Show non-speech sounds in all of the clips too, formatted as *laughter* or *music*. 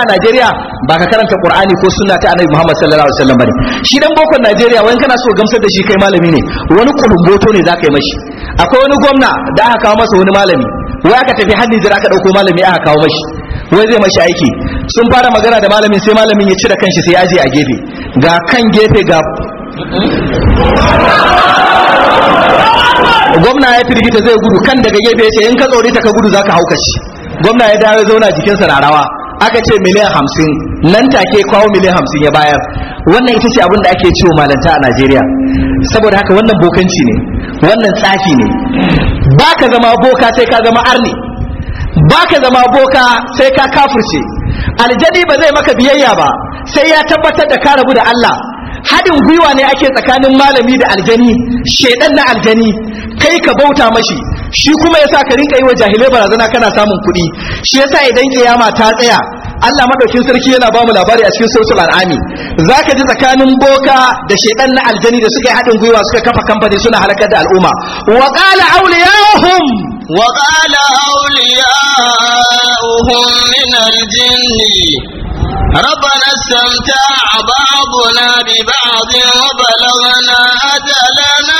a Najeriya ba ka karanta Qur'ani ko sunna ta Annabi Muhammad sallallahu alaihi wasallam bane shi dan bokon Najeriya wani kana so gamsar da shi kai malami ne wani kulumboto ne zaka yi mashi akwai wani gwamna da aka kawo masa wani malami wai aka tafi hannu jira aka dauko malami aka kawo mashi wai zai mashi aiki sun fara magana da malamin sai malamin ya cire kanshi sai ya je a gefe ga kan gefe ga gwamna ya firgita zai gudu kan daga gefe ya ce in ka tsori ta ka gudu zaka haukaci gwamna ya dawo zauna jikinsa na rawa aka ce miliyan hamsin nan take kawo miliyan hamsin ya bayar wannan ita ce abin da ake ciwo malanta a najeriya saboda haka wannan bokanci ne wannan tsafi ne ba ka zama boka sai ka zama arni ba ka zama boka sai ka kafirce aljani ba zai maka biyayya ba sai ya tabbatar da ka rabu da allah haɗin gwiwa ne ake tsakanin malami da aljani shaidan na aljani kai ka bauta mashi shi kuma yasa ka rinka yi wa jahilai barazana kana samun kuɗi shi yasa idan kiyama ta tsaya Allah madaukin sarki yana ba mu labari a cikin suratul al'ami zaka ji tsakanin boka da shedan na aljani da suka yi haɗin gwiwa suka kafa kamfani suna halakar da al'umma wa qala awliyahum wa qala awliyahum min al ربنا استمتع بعضنا ببعض وبلغنا أجلنا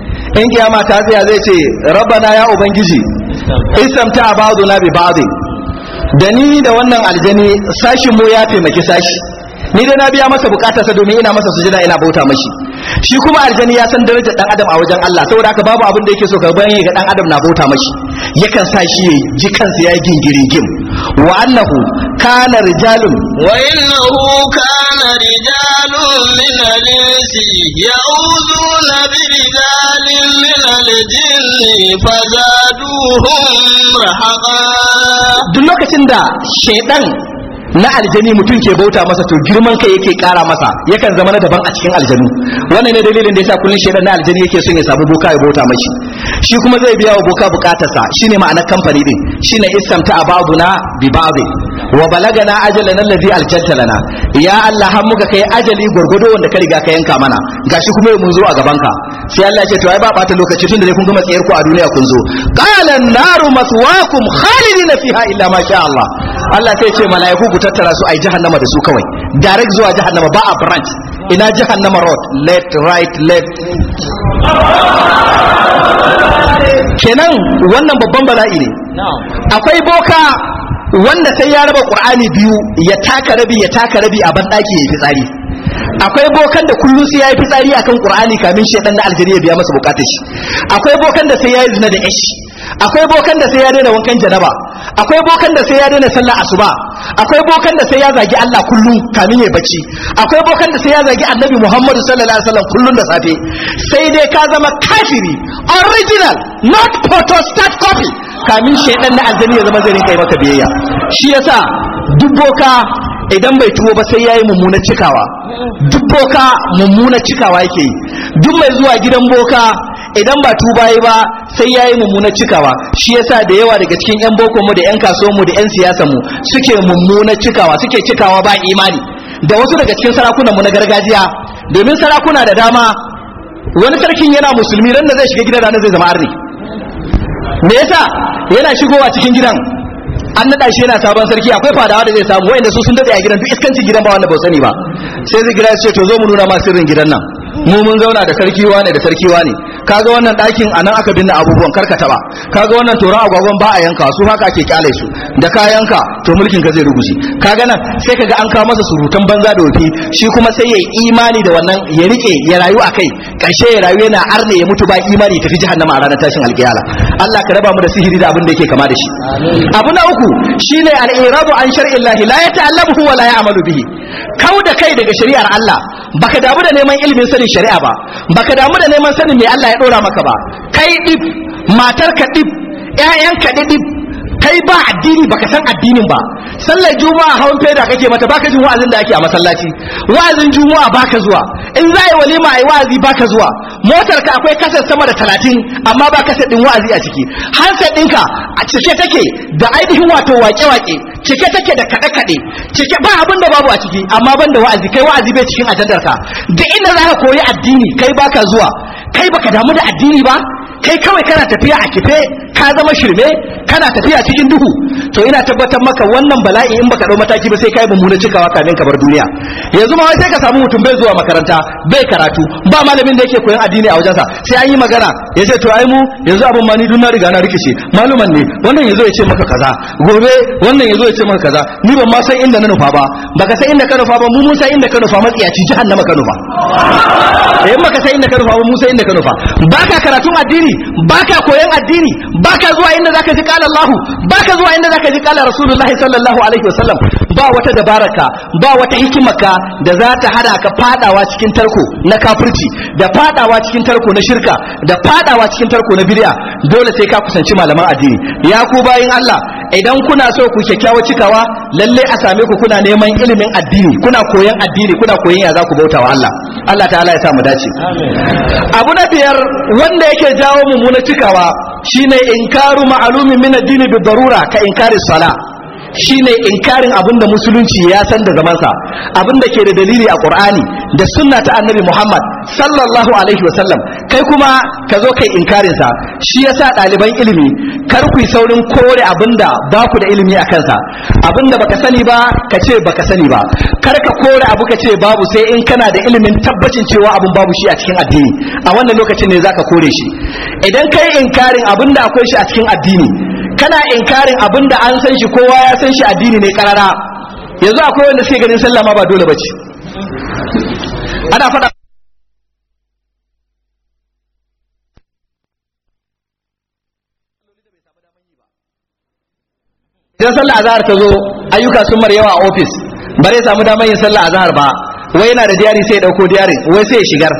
in kiyama ta tsaya zai ce rabbana ya ubangiji istamta na bi ba'din da ni da wannan aljani sashin mu ya taimaki sashi ni da na biya masa bukatar sa domin ina masa sujada ina bauta mashi shi kuma aljani ya san darajar dan adam a wajen Allah saboda haka babu abin da yake so ka bayyana ga dan adam na bauta mashi yakan sa shi ji kansa ya gingirigim wa annahu kana rijalun wa rijalun bi rijalin duk lokacin da shaidan na aljani mutum ke bauta masa to girman kai yake kara masa yakan zama na daban a cikin aljanu wannan ne dalilin da yasa kullun shaidan na aljani yake son ya samu boka ya bauta mashi shi kuma zai biya wa boka bukatarsa shine ma'anar kamfani din shine istamta ababuna na bibabe wa balagana ajalan allazi alkanta lana ya Allah har muka kai ajali gurgudo wanda ka riga ka yanka mana gashi kuma mun zo a gaban ka sai Allah ya ce to ai ba bata lokaci tunda dai kun gama tsayar ku a duniya kun zo qala naru maswaakum khalidina fiha illa ma sha Allah Allah sai ya ce mala'iku ku tattara su ai jahannama da su kawai direct zuwa jahannama ba a branch ina jahannama road left right left kenan wannan babban bala'i ne akwai boka wanda sai ya raba qur'ani biyu ya taka rabi ya taka rabi a banɗaki ya fitsari akwai bokan da kullum sai ya yi fitsari akan qur'ani kamin shedan na ya biya masa bukatar shi akwai bokan da sai ya yi zina da yashi akwai bokan da sai ya daina wankan janaba akwai bokan da sai ya daina sallah asuba akwai bokan da sai ya zagi Allah kullum kamin ya bacci akwai bokan da sai ya zagi Annabi Muhammad sallallahu alaihi wasallam kullum da safe sai dai ka zama kafiri original not photostat copy kamin shaidan na azali ya zama zai rinka yi maka biyayya shi yasa duk boka idan bai tuwo ba sai yayi mummuna cikawa duk boka mummuna cikawa yake yi duk mai zuwa gidan boka idan ba tuba yi ba sai yayi mummuna cikawa shi yasa da yawa daga cikin yan boko mu da yan kasuwan mu da yan siyasa mu suke mummuna cikawa suke cikawa ba imani da wasu daga cikin sarakunan mu na gargajiya domin sarakuna da dama wani sarkin yana musulmi ran da zai shiga gidan ranar zai zama arni me yasa yana shigowa cikin gidan an naɗa shi yana sabon sarki akwai fadawa da zai samu wayanda su sun daɗe a gidan duk iskancin gidan ba wanda ba sani ba sai zai gira ce to zo mu nuna ma sirrin gidan nan mu mun zauna da sarki wane da sarki wane kaga wannan ɗakin a nan aka binne abubuwan karkata ba kaga wannan toron agwagwan ba a yanka su haka ake kyale su da ka yanka to mulkin ka zai Ka kaga nan sai kaga an kawo masa surutan banza da wofi shi kuma sai ya imani da wannan ya rike ya rayu a kai ƙarshe ya rayu yana arne ya mutu ba imani ya tafi jahannama a ranar tashin alƙiyala Allah ka raba mu da sihiri da abin da yake kama da shi abu na uku shine al-iradu an shar'illahi la yata'allamu wa la ya'malu bihi kau da kai daga shari'ar Allah baka damu da neman ilimin sanin shari'a ba baka damu da neman sanin me Allah ya dora maka ba kai ɗib. matar ka dip ƴaƴan ka dip kai ba addini baka san addinin ba sallar juma'a hawan feda kake mata baka jin wa'azin da ake a masallaci wa'azin juma'a baka zuwa in za yi walima yi wa'azi baka zuwa motar ka akwai kasar sama da talatin amma ba kasar din wa'azi a ciki handset ɗinka a cike take da ainihin wato wake-wake cike take da kaɗe-kaɗe cike ba abin da babu a ciki amma ban da wa'azi kai wa'azi bai cikin ajandar ka da inda za ka koyi addini kai baka zuwa kai baka damu da addini ba kai kawai kana tafiya a kife ka zama shirme kana tafiya cikin duhu to ina tabbatar maka wannan bala'i in baka dau mataki ba sai kai mummuna cikawa kamin ka bar duniya yanzu ma sai ka samu mutum bai zuwa makaranta bai karatu ba malamin da yake koyon addini a wajensa sai an yi magana ya ce to ai mu yanzu abun ma ni dun na riga na rikice maluman ne wannan yazo ya ce maka kaza gobe wannan yazo ya ce maka kaza ni ban ma san inda na nufa ba baka san inda ka nufa ba mu mun san inda ka nufa matsiyaci jahannama ka nufa *laughs* eh maka san inda ka nufa ba mu san inda ka nufa baka karatun addini addini baka koyan addini baka zuwa inda zaka ji qala baka zuwa inda zaka ji kala Rasulullahi sallallahu alaihi wasallam ba wata dabaraka ba wata hikimarka da za ta hada ka fadawa cikin tarko na kafirci da fadawa cikin tarko na shirka da fadawa cikin tarko na bid'a dole sai ka kusanci malaman addini ya ku bayin Allah idan kuna so ku kyakkyawa cikawa lalle a same ku kuna neman ilimin addini kuna koyon addini kuna koyon ya za ku bautawa Allah Allah ta'ala ya sa mu dace abu na biyar wanda yake jawo na cikawa shine inkaru ma'alumin min addini bi darura ka inkari salat Shi ne inkarin abin da musulunci ya san da zamansa abin da ke da dalili a qur'ani da sunna ta annabi muhammad sallallahu alaihi wasallam kai kuma ka zo kai inkarin sa shi yasa ɗaliban ilimi kar ku saurin kore abin da ba ku da ilimi a kansa abin da baka sani ba ka ce baka sani ba kar ka kore abu ka ce babu sai in kana da ilimin tabbacin cewa abin babu shi a cikin addini a wannan lokacin ne zaka kore shi idan kai inkarin abin da akwai shi a cikin addini kana inkarin abin da an san shi kowa ya san shi addini ne karara yanzu akwai wanda suke ganin sallah ma ba dole bace ana faɗa idan sallah azhar ta zo ayyuka sun mar yawa a ofis bare samu damar yin sallah azhar ba wai yana da diary sai ya dauko diary wai sai ya shigar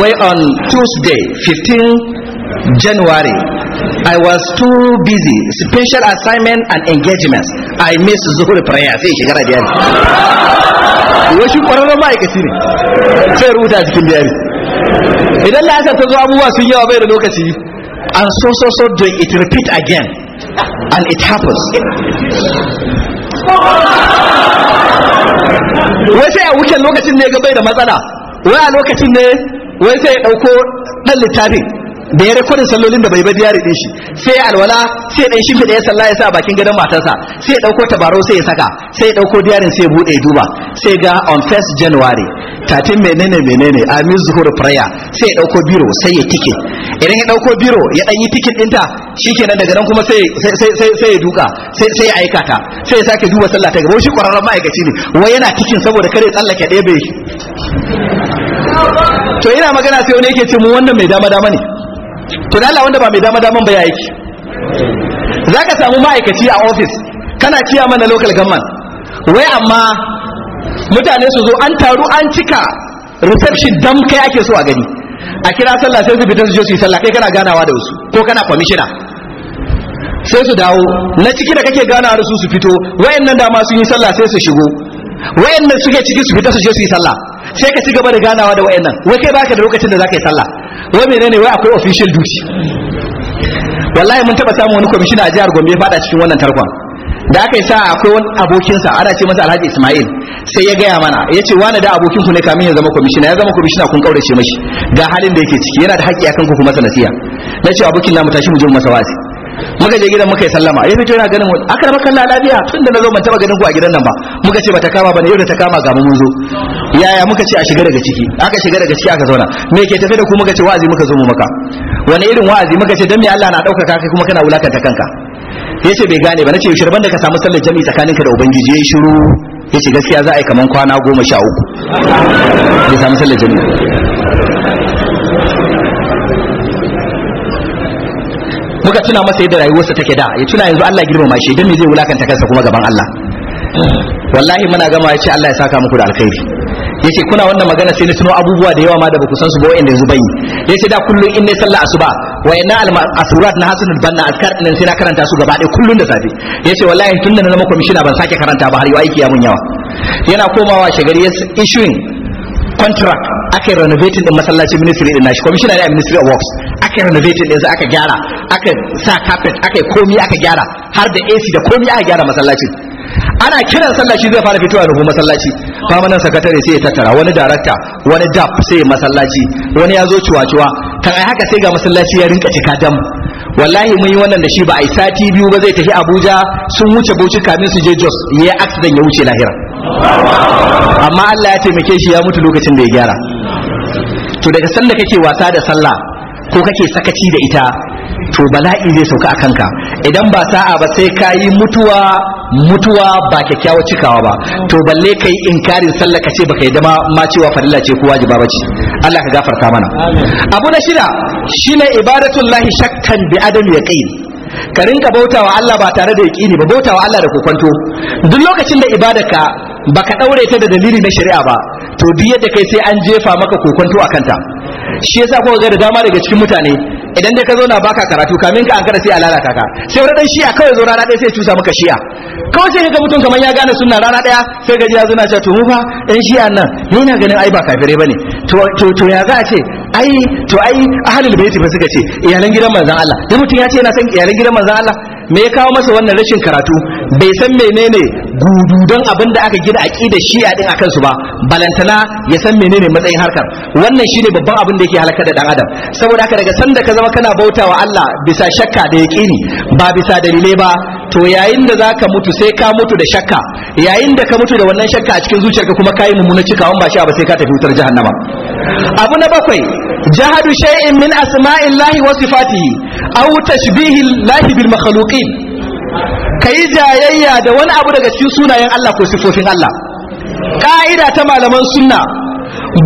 wai on tuesday 15 january I was too busy special assignment and engagements I missed zuhur prayer sai shekara biyar wai shi kwararren ma'aikaci ne sai rubuta cikin biyar idan la'asar ta zo abubuwa sun yawa bai da lokaci and so so so do it repeat again and it happens wai sai a wuce lokacin ne ga bai da matsala wai a lokacin ne wai sai ya ɗauko ɗan littafin da ya rekodin sallolin da bai bai jari din shi sai alwala sai dan shimfiɗa da ya salla ya sa bakin gadon matarsa sai ya dauko tabarau sai ya saka sai ya dauko diyarin sai ya bude duba sai ga on 1st January 13 menene menene amin zuhur prayer sai ya dauko biro sai ya tike idan ya dauko biro ya dan yi tikin dinta shikenan daga nan kuma sai sai sai sai ya duka sai sai ya aika ta sai ya sake duba sallah ta gaba shi kwararren ma'aikaci ne wai yana tikin saboda kare tsallake ɗaya bai to yana magana sai wani yake ce mu wannan mai dama dama ne to da Allah wanda ba mai dama daman ba ya yake zaka samu ma'aikaci a ofis kana ciya mana local government wai amma mutane su zo an taru an cika reception dam kai ake so a gani a kira sallah sai su fita su je su yi sallah kai kana ganawa da wasu ko kana commissioner sai su dawo na ciki da kake ganawa da su su fito wayannan dama sun yi sallah sai su shigo wayannan suke ciki su fita su je su yi sallah sai ka ci gaba da ganawa da wayannan wai kai baka da lokacin da zaka yi sallah wai menene wai akwai official duty wallahi mun taba samu wani commission a jihar Gombe fada cikin wannan tarkon da aka yi sa akwai wani abokinsa ana ce masa Alhaji Ismail sai ya gaya mana ya ce wani da abokin ku ne kamin ya zama commissioner ya zama commissioner kun kaurace mashi ga halin da yake ciki yana da haƙƙi akan ku kuma sanasiya na ce abokin namu tashi mu je masa wasi muka je gidan muka yi sallama ya fito yana ganin aka raba kalla lafiya tun da na zo ban taba ganin ku a gidan nan ba muka ce bata kama bane yau da ta kama ga mun zo yaya muka ce a shiga daga ciki aka shiga daga ciki aka zauna me ke tafe da ku muka ce wa'azi muka zo mu maka wani irin wa'azi muka ce dan me Allah na dauka kai kuma kana wulakanta kanka yace bai gane ba nace shirban da ka samu sallar jami'i tsakaninka da ubangiji yayi shiru yace gaskiya za a yi kaman kwana goma sha uku bai samu sallar jami'i muka tuna masa yadda rayuwarsa take da ya tuna yanzu Allah girmama shi dan me zai wulakanta kansa kuma gaban Allah wallahi muna gama ya ce Allah ya saka muku da alkhairi yace kuna wannan magana sai ni tuno abubuwa da yawa ma da baku san su ba wa'anda yanzu bai yace da kullun in nayi sallah asuba inna al-asurat na hasan al-banna azkar din sai na karanta su gaba ɗaya kullun da safe ce wallahi tun da na zama commissioner ban sake karanta ba har yau aiki ya mun yawa yana komawa shagari issuing contract aka yi renovating din masallacin ministry din nashi commissioner ne a ministry of works aka yi renovating din aka gyara aka sa carpet aka komi aka gyara har da AC da komi aka gyara masallacin ana kiran sallah zai fara fitowa rubu masallaci famanan sakatare sai ya tattara wani darakta wani dab sai masallaci wani ya zo ciwa-ciwa kan ai haka sai ga masallaci ya rinka cika dam wallahi mun yi wannan da shi ba a sati biyu ba zai tafi abuja sun wuce bauchi kamin su je jos ya accident ya wuce lahira amma allah ya taimake shi ya mutu lokacin da ya gyara to daga sanda kake wasa da sallah ko kake sakaci da ita to bala'i zai sauka a kanka idan ba sa'a ba sai ka yi mutuwa mutuwa ba kyakkyawar cikawa ba to balle ka yi inkarin sallah ka ce baka yi dama ma cewa fadila ce ko wajiba ba ce Allah ka gafarta mana abu na shida shi ibadatun ibadatullahi shakkan bi adam kai ka rinka bautawa Allah ba tare da yaqini ba bautawa Allah da kokonto duk lokacin da ka baka daure ta da dalili na shari'a ba to duk yadda kai sai an jefa maka kokonto a kanta. shi yasa kuka ga da dama daga cikin mutane idan dai ka zo na baka karatu kamin ka ankara sai a lalata ka sai wani dan shi'a kawai zo rana ɗaya sai cusa maka shi'a kawai sai ka mutum kamar ya gane sunna rana daya sai ji ya zo na ce to mu dan shi'a nan ni na ganin ai ba kafire bane to to to ya za a ce ai to ai ahlul baiti ba suka ce iyalan gidan manzon Allah dan mutum ya ce yana son iyalan gidan manzon Allah me ya kawo masa wannan rashin karatu bai san menene gududan abin da aka gina shi shi'a din akan su ba balantana ya san menene matsayin harkar wannan shine babban abin da yake halaka da dan adam saboda haka daga sanda ka zama kana bautawa Allah bisa shakka da yaqini ba bisa dalilai ba to yayin da za ka mutu sai ka mutu da shakka yayin da ka mutu da wannan shakka a cikin zuciyarka kuma ka yi mummuna cikawan ba shi ba sai ka tafi wutar jahannama abu na bakwai jahadu shay'in min lahi wa sifatihi aw tashbihi lahi bil makhluqin kai jayayya da wani abu daga cikin sunayen Allah ko sifofin Allah ka'ida ta malaman sunna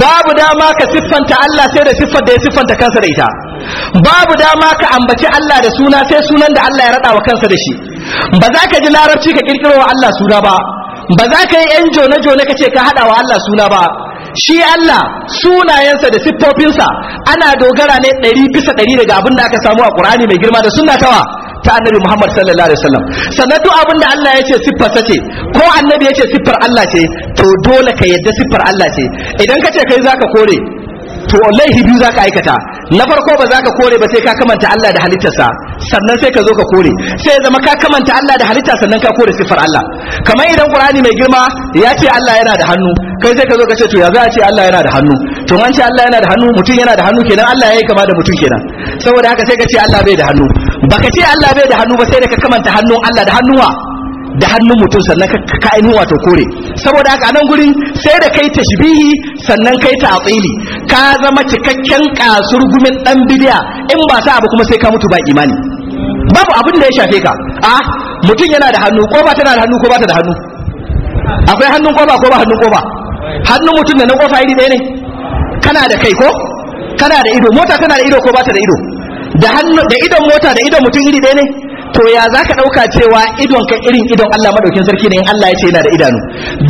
babu dama ka siffanta Allah sai da siffar da ya siffanta kansa da ita babu dama ka ambaci Allah da suna sai sunan da Allah ya rada wa kansa da shi ba za ka ji larabci ka kirkiro wa Allah suna ba ba za ka yi yan jona jona ka ce ka hada wa Allah suna ba shi Allah sunayensa da siffofinsa ana dogara ne ɗari bisa ɗari daga abin da aka samu a Qur'ani mai girma da sunna tawa ta annabi Muhammad sallallahu alaihi wasallam sannan duk abin da Allah ya ce sace ko annabi ya ce siffar Allah ce to dole ka yadda siffar Allah ce idan ka ce kai zaka kore to laifi biyu zaka aikata na farko ba za ka kore ba sai ka kamanta Allah da halittarsa sannan sai ka zo ka kore sai ya zama ka kamanta Allah da halitta sannan ka kore sifar Allah kamar idan Qur'ani mai girma ya ce Allah yana da hannu kai sai ka zo ka ce to ya za a ce Allah yana da hannu to an ce Allah yana da hannu mutum yana da hannu kenan Allah yayi kama da mutum kenan saboda haka sai ka ce Allah bai da hannu baka ce Allah bai da hannu ba sai da ka kamanta hannun Allah da hannuwa da hannun mutum sannan ka ainihin wato kore saboda haka nan gurin sai da kai tashbihi sannan kai ta atsili ka zama cikakken kasur gumin dan bidiya in ba sa abu kuma sai ka mutu ba imani babu abin da ya shafe ka a mutum yana da hannu ko ba tana da hannu ko ba ta da hannu akwai hannun koba ko ba hannun koba hannun mutum da na kofa iri ɗaya ne kana da kai ko kana da ido mota tana da ido ko ba ta da ido da hannu da idon mota da idon mutum iri ɗaya ne to ya za ka ɗauka cewa idon ka irin idon Allah maɗaukin sarki ne in Allah ya ce yana da idanu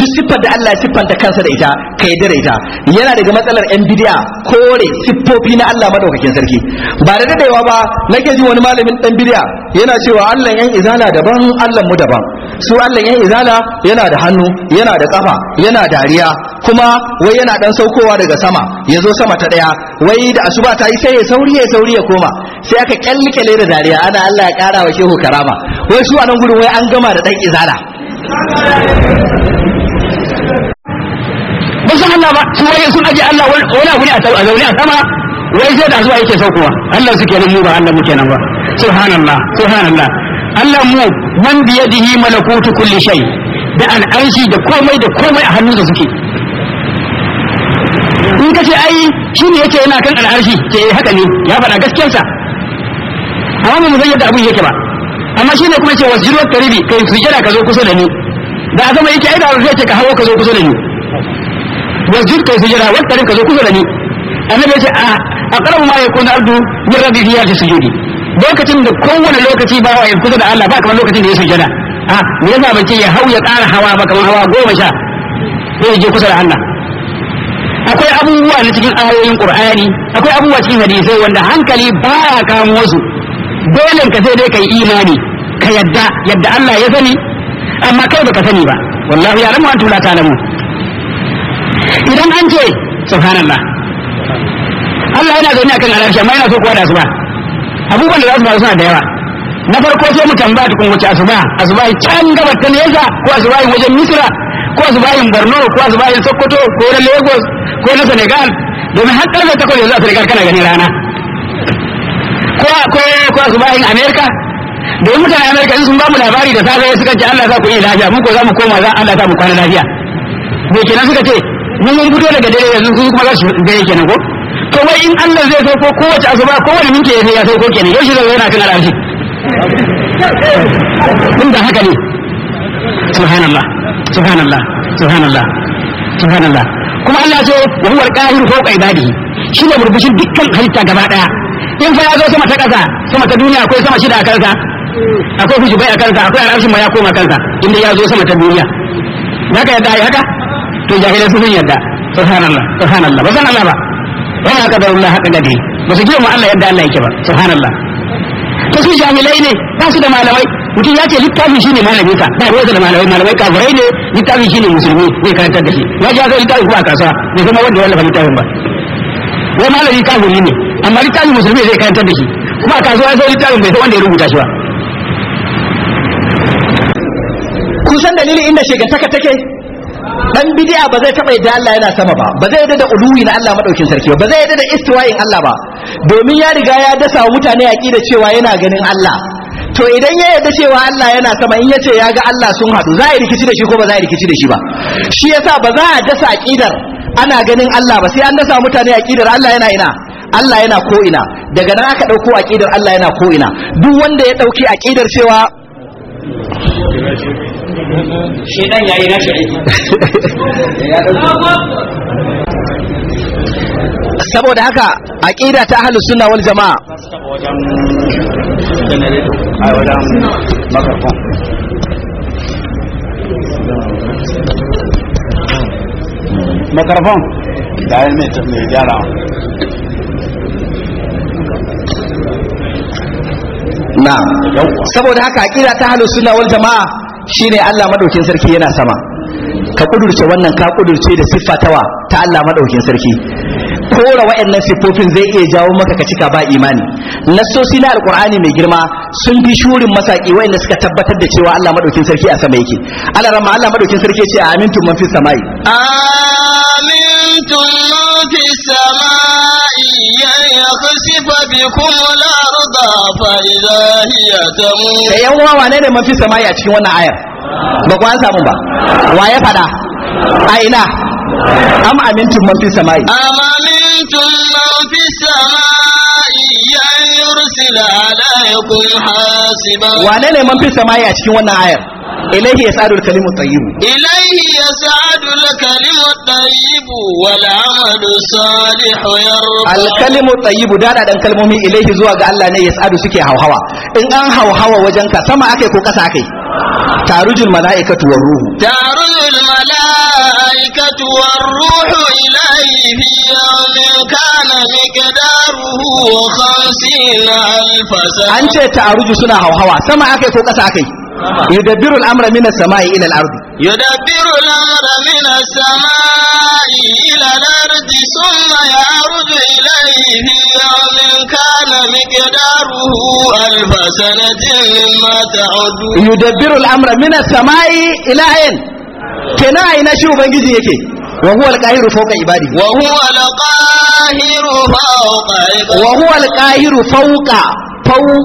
duk siffar da Allah ya siffanta kansa da ita ka yi da ita yana daga matsalar yan bidiya kore siffofi na Allah maɗaukakin sarki ba da daɗewa ba na ji wani malamin ɗan bidiya yana cewa Allah yan izala daban Allah mu daban su Allah yan izala yana da hannu yana da kafa yana dariya kuma wai yana dan saukowa daga sama ya zo sama ta daya wai da asuba ta yi sai ya sauri ya sauri ya koma sai aka kyalle da dariya ana Allah ya kara wa shehu ruhu karama wai su a nan gudun wai an gama da ɗan izala ba su Allah ba su wai sun aje Allah wani abu ne a zaune a sama wai sai da su yake saukowa Allah suke nan mu ba Allah muke nan ba subhanallah subhanallah Allah mu man bi yadihi malakutu kulli shay da al'arshi da komai da komai a hannunsa suke in ka ce ai shi ne yake yana kan al'arshi ke eh, haka ne ya faɗa gaskiyarsa amma mu zai yadda abin yake ba amma shine kuma ce wasu jirwar karibi yi sujjada ka zo kusa da ni da a zama yake aida a rufe ce ka hawo ka zo kusa da ni ka yi sujjada wa tarin ka zo kusa da ni annabi ya ce a ah, karamu ma yakun abdu rabi fiye ya sujudi lokacin da kowane lokaci ba wa kusa da Allah ba kamar lokacin da ya sujjada a ah, me yasa ban ce ya hau ya ƙara hawa ba kamar hawa goma sha zai je kusa da Allah akwai abubuwa na cikin ayoyin Qur'ani akwai abubuwa cikin hadisai wanda hankali ba ya kamo su dole ka sai dai kai imani ka yadda yadda Allah ya sani amma kai baka sani ba wallahi ya an antum la lamu idan an ce subhanallah Allah yana zaune akan alashi amma yana so kuwa da asuba abubuwan da za su ba suna da yawa na farko sai mu tambaya tukun wuce asuba asuba can gaba ta nesa ko asuba wajen misra ko asuba borno ko asuba sokoto ko na lagos ko na senegal domin har karfe takwas yanzu a senegal kana gani rana ko akwai ko su bayan america domin mutane Amerika sun ba mu labari da safe suka ce Allah sa ku iya lafiya mun ko za mu koma za Allah sa mu kwana lafiya me kenan suka ce mun mun fito daga dare yanzu su kuma za su dare kenan ko to wai in Allah zai sauko kowace asuba kowane minti ya sai ya sauko kenan yau shi zai yana kan al'arshi Mun da haka ne subhanallah subhanallah subhanallah subhanallah kuma Allah ce wa huwa al-qahir fawqa ibadihi shi ne burbushin dukkan halitta gaba daya in fa ya zo sama ta ƙasa sama ta duniya akwai sama shida a kansa akwai fushi bai a kansa akwai al'arshin ma ya koma kansa inda ya zo sama ta duniya ka yadda ai haka to jahilai su sun yadda subhanallah subhanallah ba san Allah ba wala qadarullah haka gadi ba su girma Allah yadda Allah yake ba subhanallah to su jahilai ne ba su da malamai mutum ya ce littafi ne mana sa ba ruwa da malamai malamai kafirai ne littafi ne musulmi zai karantar da shi ya ji ya zo littafi kuma a kasuwa ne kuma wanda wallafa littafin ba wai malami kafiri ne amma littafin musulmi zai karantar da shi kuma a kasuwa sai littafin bai san wanda ya rubuta shi ba kusan dalilin inda shegantaka take dan bid'a ba zai taba yadda Allah yana sama ba ba zai yadda da uluwi na Allah madaukin sarki ba ba zai yadda da istiwa'in Allah ba domin ya riga ya dasa mutane aqida cewa yana ganin Allah to idan ya yarda cewa Allah yana sama in yace ya ga Allah sun hadu za a rikici da shi ko ba za a rikici da shi ba shi yasa ba za a dasa aqidar ana ganin Allah ba sai an dasa mutane aqidar Allah yana ina Allah yana ko ina daga nan aka dauko aqidar Allah yana ko ina duk wanda ya dauki aqidar cewa shedan yayi nashi saboda haka aqida ta ahlus sunna wal jamaa makarfan da ya mai gyara na saboda haka kira ta halin suna wal jama'a shine Allah madaukin sarki yana sama ka kudurce wannan ka kudurce da siffa tawa ta Allah madaukin sarki kora waɗannan siffofin zai iya jawo maka ka cika ba imani nassosi na alqur'ani mai girma sun fi shurin masaki waɗanda suka tabbatar da cewa Allah madaukin sarki a sama yake Allah rama Allah madaukin sarki ce amintum man fi samai amintum man fi samai ya yakhsifa bikum al-ardh fa idha hiya tamur yan uwa wane ne man fi samai a cikin wannan ayar ba ku an samu ba wa ya fada a ina am amintum man fi samai am amintum man fi samai ya yursila alaykum hasiba wane ne man fi samai a cikin wannan ayar ilaihi yasadul kalimut tayyib ilaihi yasadul kalimut tayyib wal amalu salihu yarfa al kalimut tayyib da dan kalmomi ilaihi zuwa ga Allah ne yasadu suke hauhawa in an hauhawa wajen ka sama akai ko kasa akai tarujul malaikatu war ruhu tarujul malaikatu الملائكة والروح إليه في يعني يوم كان مقداره خمسين ألف سنة أنت تعرج سنة هوهوا سمع أكي فوق أكي آه. يدبر الأمر من السماء إلى الأرض يدبر الأمر من السماء إلى الأرض ثم يعرج إليه في يعني يوم كان مقداره ألف سنة مما تعدون يدبر الأمر من السماء إلى أين؟ kenan a ina shi ubangiji yake wa huwa alqahiru fawqa ibadi wa huwa alqahiru fawqa wa huwa alqahiru fawqa fau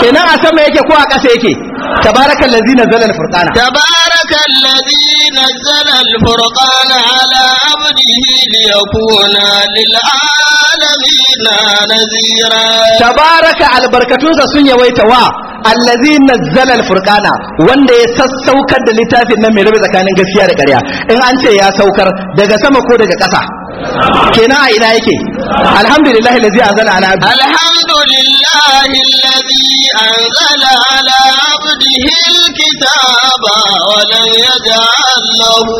kenan a sama yake ko a ƙasa yake tabaraka allazi nazzala alfurqana tabaraka allazi nazzala alfurqana ala abdihi liyakuna lil alamin nazira tabaraka sa sun yawaita wa allazi nazzala alfurqana wanda ya sassaukar da littafin nan mai rabe tsakanin gaskiya da ƙarya in an ce ya saukar daga sama ko daga ƙasa kenan a ina yake alhamdulillah allazi anzala ala abdi alhamdulillah allazi anzala ala abdihi alkitaba wa lam yaj'al lahu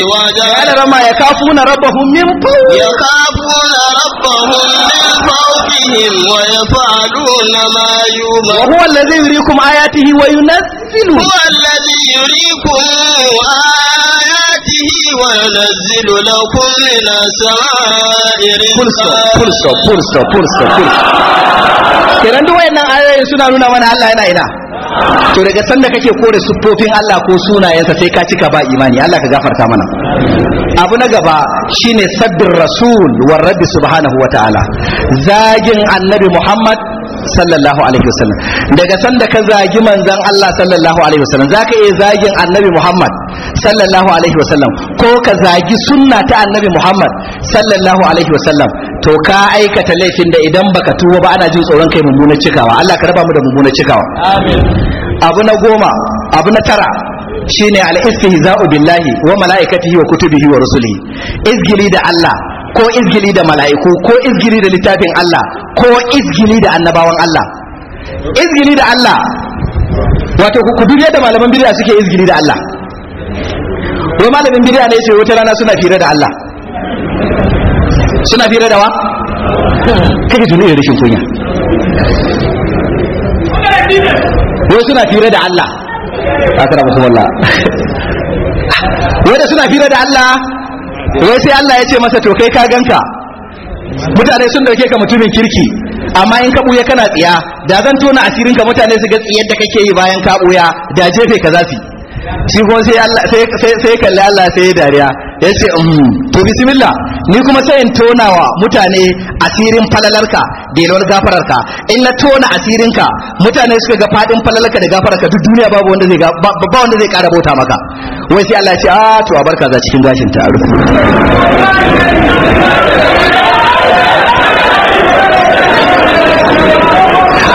iwaja ala rama yakafuna rabbahum min fawqihim yakafuna rabbahum min fawqihim wa yaf'aluna ma yu'mar wa huwa allazi yuriikum ayatihi wa yunazzilu huwa allazi yuriikum ayatihi وينزل لكم من السماء رزقا full stop full stop full stop full stop kenan duk wayannan ayoyin suna nuna mana Allah yana ina to daga sanda kake kore siffofin Allah ko sunayensa sai ka cika ba imani Allah ka gafarta mana abu na gaba shine saddin rasul wa rabbi subhanahu wa ta'ala zagin annabi Muhammad sallallahu alaihi wasallam daga sanda ka zagi manzon Allah sallallahu alaihi wasallam zaka iya zagin annabi Muhammad sallallahu alaihi wasallam ko ka zagi sunna ta annabi Muhammad sallallahu alaihi wasallam to ka aikata laifin da idan baka tuba ba ana jin tsoron kai mummunar cikawa Allah ka raba mu da mummunar cikawa amin abu na goma abu na tara shine al-istihza'u billahi wa mala'ikatihi wa kutubihi wa rusulihi izgili da Allah ko izgili da mala'iku ko izgili da littafin Allah ko izgili da annabawan Allah izgili da Allah wato ku dubi yadda malaman bid'a suke izgili da Allah ko malamin bid'a ne sai wata rana suna fira da Allah suna fira da wa kake tuni da rashin kunya wai suna fira da Allah akara musu wallah wai suna fira da Allah wai sai Allah ya ce masa to kai ka ganka mutane sun dauke ka mutumin kirki amma in ka buya kana tsiya da zan tona asirin ka mutane su ga tsiyar da kake yi bayan ka buya da jefe ka zasi shi kuma sai Allah sai sai kalli Allah sai dariya ya ce mm, to bismillah ni kuma sai in tona wa mutane asirin falalarka da yalwar gafararka in na tona asirinka mutane suka ga fadin falalarka da gafararka duk duniya babu wanda zai ba wanda zai kara bauta maka wai sai Allah ya ce a to a barka za cikin gashin ta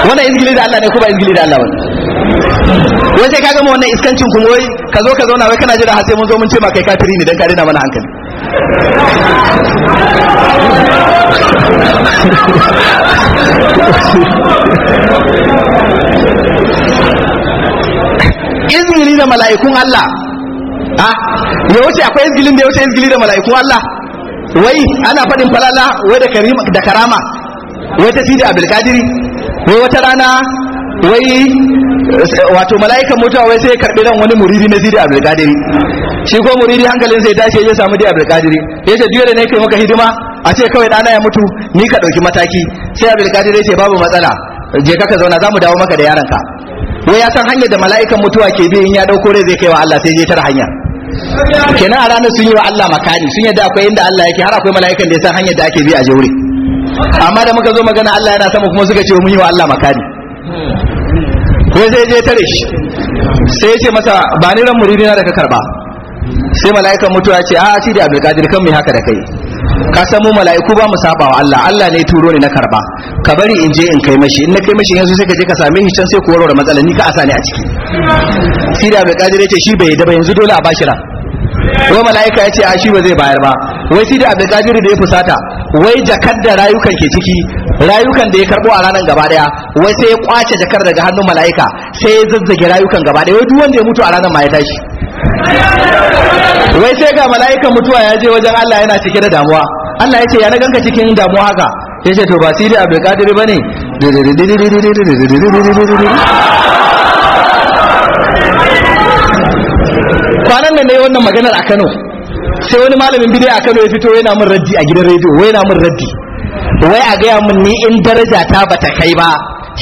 wannan izgili da Allah ne ko ba izgili da Allah ba wai sai ka gama wannan iskancin kuma wai ka zo ka zauna wai kana jira har sai mun zo mun ce ma kai kafiri ne dan ka daina mana hankali izgili da mala'ikun Allah a ah, ya wuce akwai izgilin da ya wuce izgili da mala'ikun Allah wai ana faɗin falala wai da karima da karama wai ta sidi abdul kadiri wai wata rana wai wato mala'ikan mutuwa wai sai ya karbi ran wani muridi na zidi Abdul Qadir shi ko muridi hankalin sai dace ya samu dai Abdul Qadir yace duk da ne kai maka hidima a ce kawai dana ya mutu ni ka dauki mataki sai Abdul Qadir yace babu matsala je ka ka zauna zamu dawo maka da yaranka wai ya san hanyar da mala'ikan mutuwa ke bi in ya dauko rai zai kai wa Allah sai je tar hanya kenan a ranar sun yi wa Allah makani sun yadda akwai inda Allah yake har akwai mala'ikan da ya san hanyar da ake bi a jauri amma da muka zo magana Allah yana sama kuma suka ce mun yi wa Allah makani ko sai je tare shi sai ya ce masa ba ni ran muridina da ka karba sai mala'ikan mutuwa ce a sidi abdulkadir kan mai haka da kai ka san mu mala'iku ba mu saba wa Allah Allah ne turo ni na karba ka bari in je in kai mashi in na kai mashi yanzu sai ka je ka same shi can sai ku warware matsalar ni ka asa ni a ciki da abdulkadir ya ce shi bai da ba yanzu dole a bashi ran wai mala'ika ya ce a shi ba zai bayar ba wai sidi abdulkadir da ya fusata wai jakar da rayukan ke ciki rayukan da ya karbo a ranar gaba daya wai sai ya kwace jakar daga hannun mala'ika sai ya zazzage rayukan gaba daya wai duk wanda ya mutu a ranar ma ya tashi wai sai ga mala'ikan mutuwa ya je wajen Allah yana cike da damuwa Allah ya ce ya na ganka cikin damuwa haka ya ce to ba sidi abdul qadir bane kwanan nan ne wannan maganar a Kano sai wani malamin bidiyo a Kano ya fito yana min raddi a gidan rediyo yana min raddi wai a gaya mun ni in daraja ta bata kai ba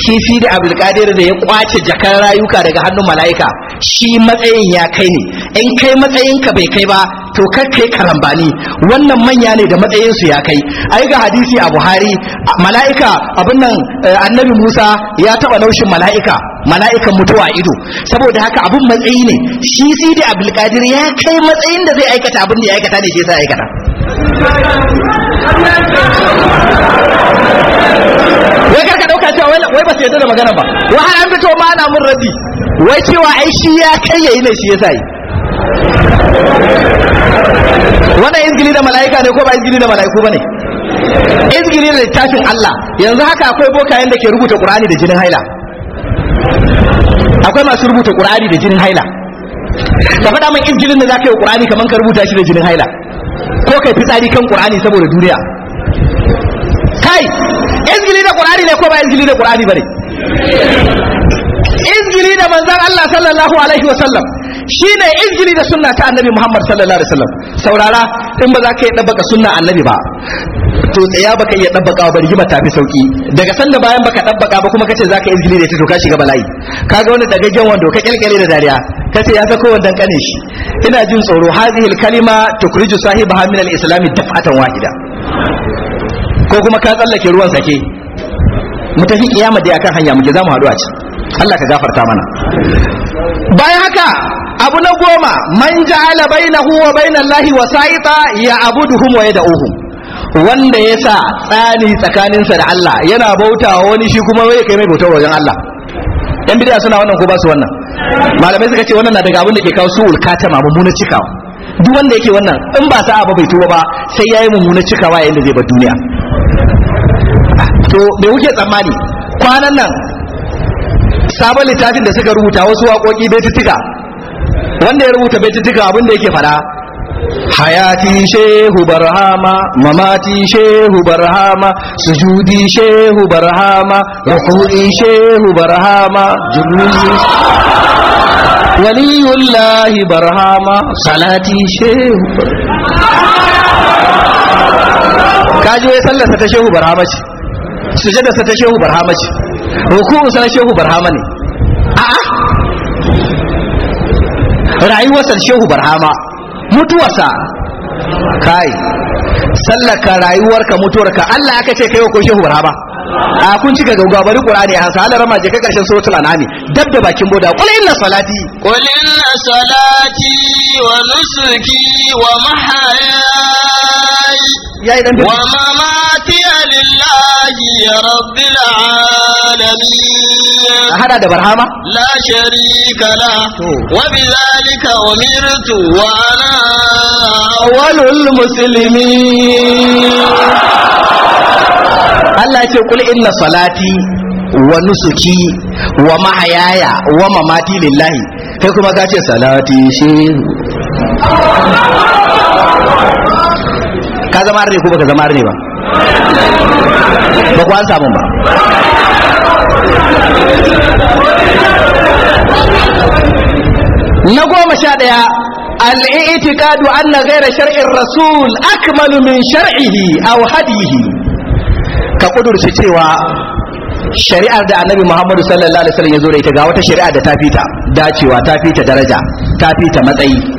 shi sidi abdulkadir da ya kwace jakar rayuka daga hannun mala'ika shi matsayin ya kai ne in kai matsayin ka bai kai ba to kar kai karambani wannan manya ne da matsayin su ya kai ai ga hadisi a buhari mala'ika abin nan eh, annabi musa ya taba naushin mala'ika mala'ikan mutuwa ido saboda haka abin matsayi ne shi sidi abdulkadir ya kai matsayin da zai aikata abin da ya aikata ne shi ya aikata wai karka dauka cewa wai ba su da magana ba wai har an fito ma ana mun rabi wai cewa ai shi ya kai yayi ne shi yasa yi wannan izgili da mala'ika ne ko ba izgili da mala'iku bane izgili da littafin Allah yanzu haka akwai bokayen da ke rubuta Qur'ani da jinin haila akwai masu rubuta Qur'ani da jinin haila ka faɗa min izgilin da zaka yi Qur'ani kaman ka rubuta shi da jinin haila ko kai fitsari kan qur'ani saboda duniya kai izgili da qur'ani ne ko ba izgili da qur'ani bane izgili da manzon Allah sallallahu alaihi wa sallam shine izgili da sunna ta annabi Muhammad sallallahu alaihi wa sallam saurara in ba za ka yi dabbaka sunna annabi ba to tsaya baka iya dabbaka ba rigima ta fi sauki daga sanda bayan baka dabbaka ba kuma kace zaka izgili da ta to ka shiga bala'i kaga da dagaggen wando ka kelkele da dariya kace ya sako wannan kane shi ina jin tsoro hadhihi kalima tukriju sahibaha min al-islam daf'atan wahida ko kuma ka tsallake ruwan sake mu tafi kiyama dai akan hanya muke zamu haɗu a ci Allah ka gafarta mana bayan haka abu na goma man ja'ala bainahu wa bainallahi wasaita ya abuduhum wa yad'uhum wanda ya sa tsani tsakaninsa da Allah yana bauta wani shi kuma bai kai mai bautar wajen Allah yan bid'a suna wannan ko ba su wannan malamai suka ce wannan na daga abin da ke kawo su'ul ma mummuna cikawa duk wanda yake wannan in ba sa'a ba bai tuba ba sai yayi mummuna cikawa yayin da zai bar duniya to me kuke tsammani kwanan nan sabon littafin da suka rubuta wasu waƙoƙi baitutuka wanda ya rubuta baitutuka abin da yake fada hayati shehu barhama mamati shehu barhama sujudi shehu barhama ruku'i shehu barhama jurusi waliyullahi barhama salati shehu kaji wai sallarsa ta shehu barhama ce sa ta shehu barhama ce ruku'u sa shehu barhama ne a'a sa shehu barhama mutuwarsa kai sallaka rayuwarka mutuwarka Allah aka ce kai ko shehu baraba a kun cika ga gabari qur'ani a sala rama je ka karshen suratul anami dab da bakin boda qul inna salati qul inna salati wa nusuki wa mahayaya wa mamati لله رب العالمين هذا ده برهامة لا شريك له وبذلك أمرت وأنا أول المسلمين الله يقول إن صلاتي kuma ka ka zama ne ko baka zama ne ba ba ku an ba na goma sha ɗaya al'i'itikadu an na gaira shar'in rasul akmalu min shar'ihi a hadihi ka ƙudurci cewa shari'ar da annabi muhammadu sallallahu alaihi wasallam ya zo da ita ga wata shari'ar da ta fita dacewa ta fita daraja ta fita matsayi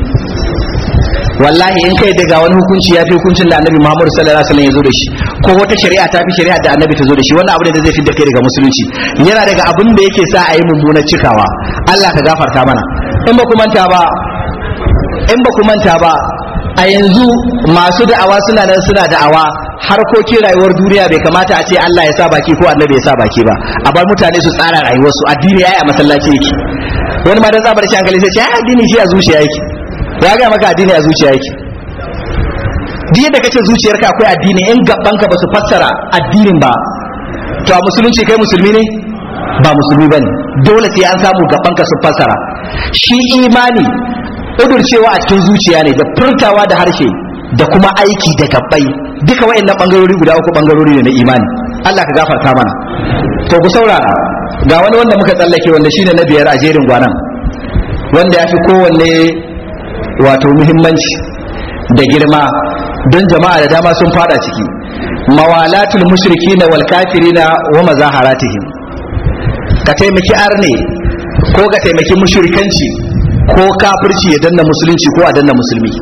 wallahi in kai daga wani hukunci ya fi hukuncin da annabi muhammadu sallallahu alaihi wasallam ya zo da shi ko wata shari'a ta fi shari'a da annabi ta zo da shi wannan abu ne da zai fidda kai daga musulunci yana daga abin da yake sa a yi mummunar cikawa allah ka gafarta mana in ba ku manta ba in ba ku manta ba a yanzu masu da'awa suna nan suna da'awa harkokin rayuwar duniya bai kamata a ce Allah ya sa baki ko annabi ya sa baki ba a bar mutane su tsara rayuwarsu addini yayi a masallaci yake wani ma dan tsabar shi hankali sai ce addini shi a zuciya yake ya gaya maka addini a zuciya yake duk da kace zuciyarka akwai addini in ka ba su fassara addinin ba to a musulunci kai musulmi ne ba musulmi bane dole sai an samu ka su fassara shi imani udurcewa a cikin zuciya ne da furtawa da harshe da kuma aiki da gabbai duka wayannan bangarori guda uku bangarori ne na imani Allah ka gafarta mana to ku saurara ga wani wanda muka tsallake wanda shine na biyar a jerin gwanan wanda ya fi kowanne wato muhimmanci da girma don jama'a da dama sun fada ciki mawalatul na wal na wa mazaharatihim ka taimaki arne ko ka taimaki mushrikanci ko kafirci ya danna musulunci ko a danna musulmi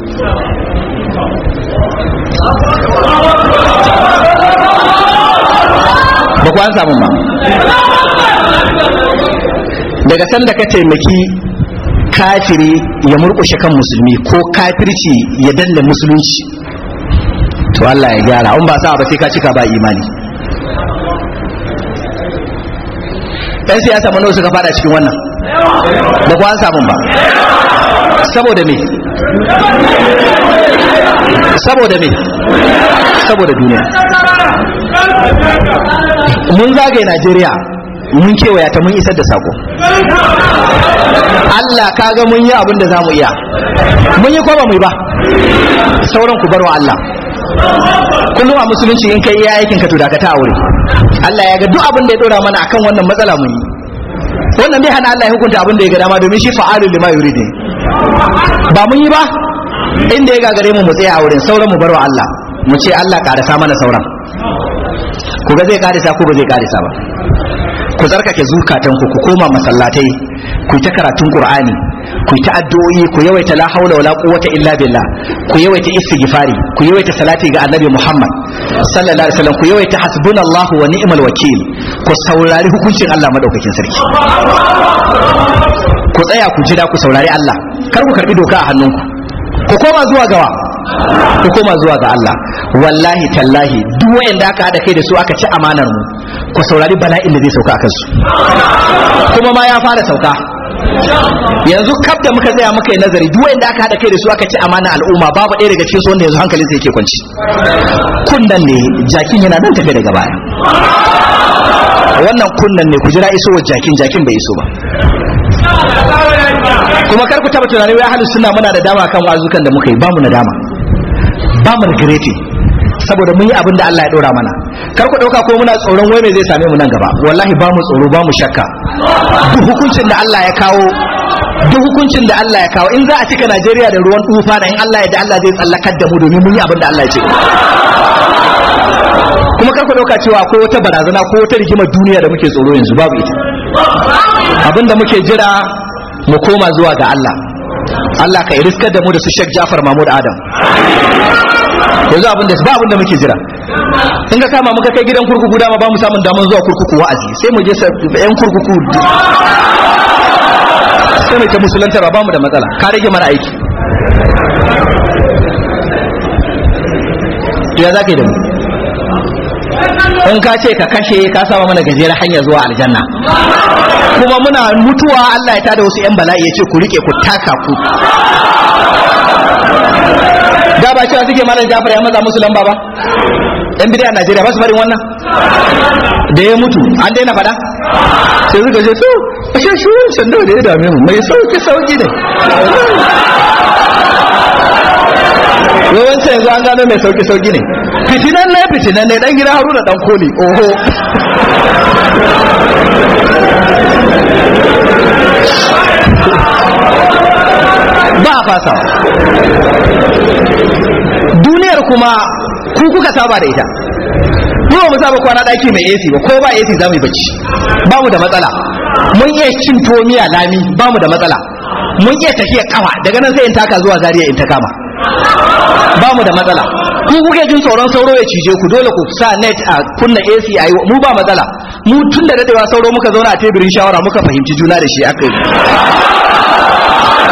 ba ku an samu ma daga sanda ka taimaki kafiri ya murƙushe kan musulmi ko kafirci ya danne musulunci to Allah ya gyara an ba sa ba sai ka cika ba imani ɗan siyasa mana suka fada cikin wannan ba ku an samun ba saboda me saboda me saboda duniya mun zagaye najeriya mun kewaya ta mun isar da sako Allah kaga mun yi abin da za mu iya mun yi ko ba mu yi ba sauran ku barwa Allah kullum a musulunci in kai iya aikin ka to dakata a wuri Allah ya ga duk abin da ya dora mana akan wannan matsala mun yi wannan bai hana Allah ya hukunta abin da ya ga dama domin shi fa'alul lima yuridi ba mun yi ba inda ya gagare mu mu tsaya a wurin sauran mu barwa Allah mu ce Allah karasa mana sauran ku ga zai karisa ko ba zai karisa ba ku zarkake zukatan ku ku koma masallatai ku ta karatun qur'ani ku ta addu'o'i ku yawaita la haula wala quwwata illa billah ku yawaita istighfari ku yawaita salati ga annabi Muhammad sallallahu alaihi wasallam ku yawaita hasbunallahu wa ni'mal wakil ku saurari hukuncin Allah madaukakin sarki ku tsaya ku jira ku saurari Allah kar ku karbi doka a hannunku ku koma zuwa gawa ku koma zuwa ga Allah wallahi tallahi duk wanda aka hada kai da su aka ci amanar mu ku saurari bala'in da zai sauka akan su kuma ma ya fara sauka yanzu kaf da muka tsaya muka yi nazari duk wanda aka hada kai da su aka ci amana al'umma babu ɗaya daga cikin su wanda yanzu hankalin sa yake kwanci kunnan ne jakin yana nan tafe daga baya wannan kunnan ne ku jira wa jakin jakin bai iso ba kuma kar ku taba tunanin wai ahlus sunna muna da dama kan wazukan da muka yi ba mu na dama ba mu regrete saboda mun yi abin da Allah ya dora mana kar ku dauka ko muna tsoron wai me zai same mu nan gaba wallahi ba mu tsoro ba mu shakka duk hukuncin da Allah ya kawo duk hukuncin da Allah ya kawo in za a cika Najeriya da ruwan tufa da in Allah ya da Allah zai tsallakar da mu domin mun yi abin da Allah ya ce kuma kar ku dauka cewa akwai wata barazana ko wata rigimar duniya da muke tsoro yanzu babu ita abin da muke jira mu koma zuwa ga Allah Allah ka iriskar da mu da su Sheikh Jafar Mahmud Adam yanzu abin da ba abin da muke jira in ka sama muka kai gidan kurkuku dama ba mu samun damar zuwa kurkuku wa'azi sai mu je yan kurkuku sai mu ta musulantar ba mu da matsala ka rage mana aiki ya za ka yi da in ka ce ka kashe ka sama mana gajeren hanya zuwa aljanna kuma muna mutuwa Allah ya tada wasu 'yan bala'i ya ce ku rike ku taka ku da ba cewa suke malam Jafar ya maza musu lamba ba yan bid'a a Najeriya ba su farin wannan da ya mutu an daina fada sai suka ce to shi shirin sanda da ya dame mu mai sauki sauki ne yawanci yanzu an gano mai sauki sauki ne fitinan ne fitinan ne dan gida haruna dan koli oho ba a fasa duniyar kuma ku kuka saba da ita mu ba mu saba kwana daki mai AC ba ko ba AC za mu yi bacci ba mu da matsala mun iya cin tomiya lami ba mu da matsala mun iya tafiya kawa daga nan sai in taka zuwa zariya in ta kama ba mu da matsala ku kuke jin tsoron sauro ya cije ku dole ku sa net a kunna AC a yi mu ba matsala mu tun da dadewa sauro muka zauna a teburin shawara muka fahimci juna da shi akai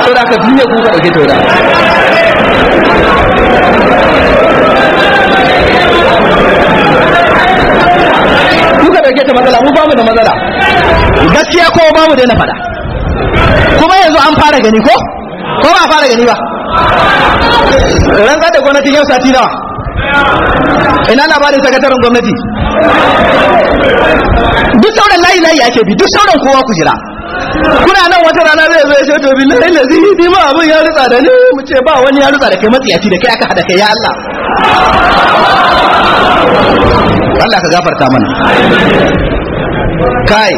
to da ka duniya ku ka dauke taura kuka dauke ta matsala mu bamu da matsala gaskiya ko bamu na fada kuma yanzu an fara gani ko ko ba fara gani ba rantsar da gwamnatin yau sati nawa ina labarin sakataren gwamnati duk sauran layi layi ake bi duk sauran kowa ku jira kuna nan wata rana zai zo ya ce to billahi lazi ni ma abun ya rutsa da ni mu ce ba wani ya rutsa da kai matsiyaci da kai aka hada kai ya Allah Allah ka gafarta mana kai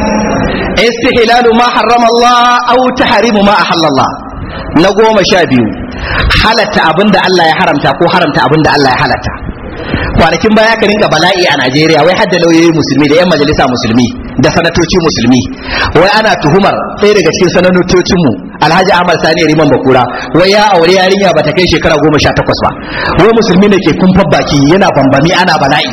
istihlalu ma harrama Allah aw tahrimu ma ahalla Allah na goma sha biyu halatta abinda Allah ya haramta ko haramta abinda Allah ya halatta kwanakin baya ka ringa bala'i a Najeriya wai hadda lauyoyi musulmi da 'yan majalisa musulmi da sanatoci musulmi wai ana tuhumar ɗaya daga cikin sanatocinmu Alhaji Ahmad Sani Riman Bakura wai ya aure yarinya bata kai shekara goma sha takwas ba wai musulmi da ke kumfar baki yana bambami ana bala'i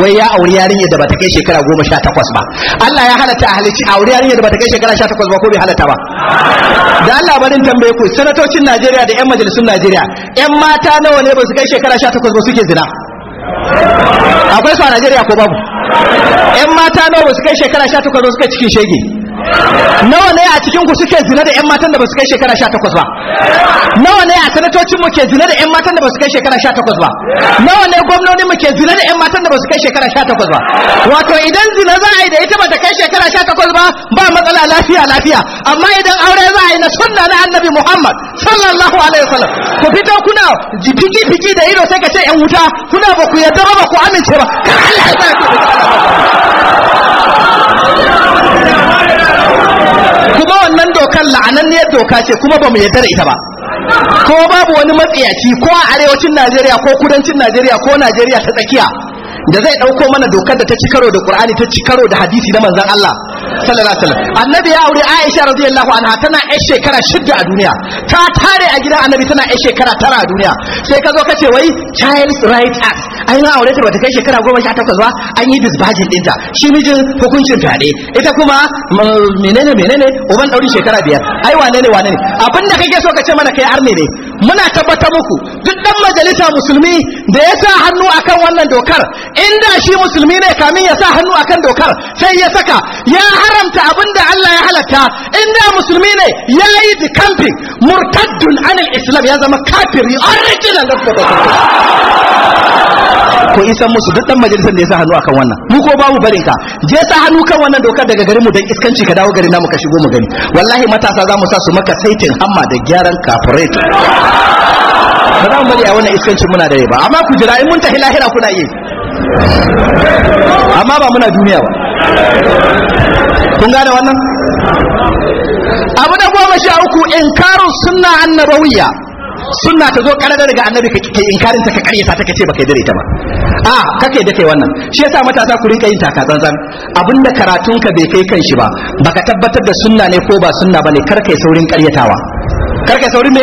wai ya aure yarinya da bata kai shekara goma sha takwas ba Allah ya halatta a halicci aure yarinya da bata kai shekara sha takwas ba ko bai halatta ba da Allah barin tambaye ku sanatocin Najeriya da 'yan majalisun Najeriya 'yan mata nawa ne ba su kai shekara sha takwas ba suke zina akwai su a najeriya ko babu yan mata nawa su kai shekara sha takwas suka cikin shege nawa ne a cikin ku suke zina da yan matan da ba su kai shekara 18 ba nawa ne a sanatocin mu ke zina da yan matan da ba su kai shekara 18 ba nawa ne gwamnonin mu ke zina da yan matan da ba su kai shekara 18 ba wato idan zina za a yi da ita ba ta kai shekara 18 ba ba matsala lafiya lafiya amma idan aure za a yi na sunna na annabi Muhammad sallallahu alaihi wasallam ku fito kuna jiki jiki da ido sai ka ce yan wuta kuna ba ku yarda ba ku amince ba Allah ya sa ku kuma wannan dokar la'anan ne doka ce kuma ba mu yarda da ita ba ko babu wani matsiyaci ko a arewacin najeriya ko kudancin najeriya ko najeriya ta tsakiya da zai ɗauko mana dokar da ta ci karo da ƙur'ani ta ci karo da hadisi na manzon allah sallallahu alaihi annabi ya aure aisha radiyallahu anha tana yar shekara shidda a duniya ta tare a gidan annabi tana yar shekara tara a duniya sai ka zo ka ce wai child's right act ai na aure ta bata kai shekara goma sha takwas ba an yi disbajin dinta shi mijin hukuncin fyaɗe ita kuma mm, menene menene uban ɗauri shekara biyar ai wane ne wane ne abin da kake so ka ce mana kai arne ne muna tabbatar muku duk dan majalisa musulmi da ya sa hannu akan wannan dokar inda shi musulmi ne kamin ya sa hannu akan dokar sai ya saka ya ya haramta abin da Allah ya halatta in da musulmi ne ya yi the camping murtaddun anil islam ya zama kafiri original ko isan musu duk dan majalisar da ya sa hannu akan wannan mu ko babu barin ka je sa hannu kan wannan dokar daga garin mu dan iskanci ka dawo garin namu ka shigo mu gani wallahi matasa za mu sa su maka saitin hamma da gyaran kafureto ba za mu bari a wannan iskancin muna da ba amma ku jira in mun tahi lahira kuna iya amma ba muna duniya ba kun gane wannan abu na goma sha uku inkarun sunna annabawiya sunna ta zo karada daga annabi ka kai inkarin ta ka karyata ta kace baka dare ta ba a kai da kai wannan shi yasa matasa ku rinka yin taka tsantsan abinda karatun ka bai kai kan shi ba baka tabbatar da sunna ne ko ba sunna bane kar kai saurin karyatawa karka saurin me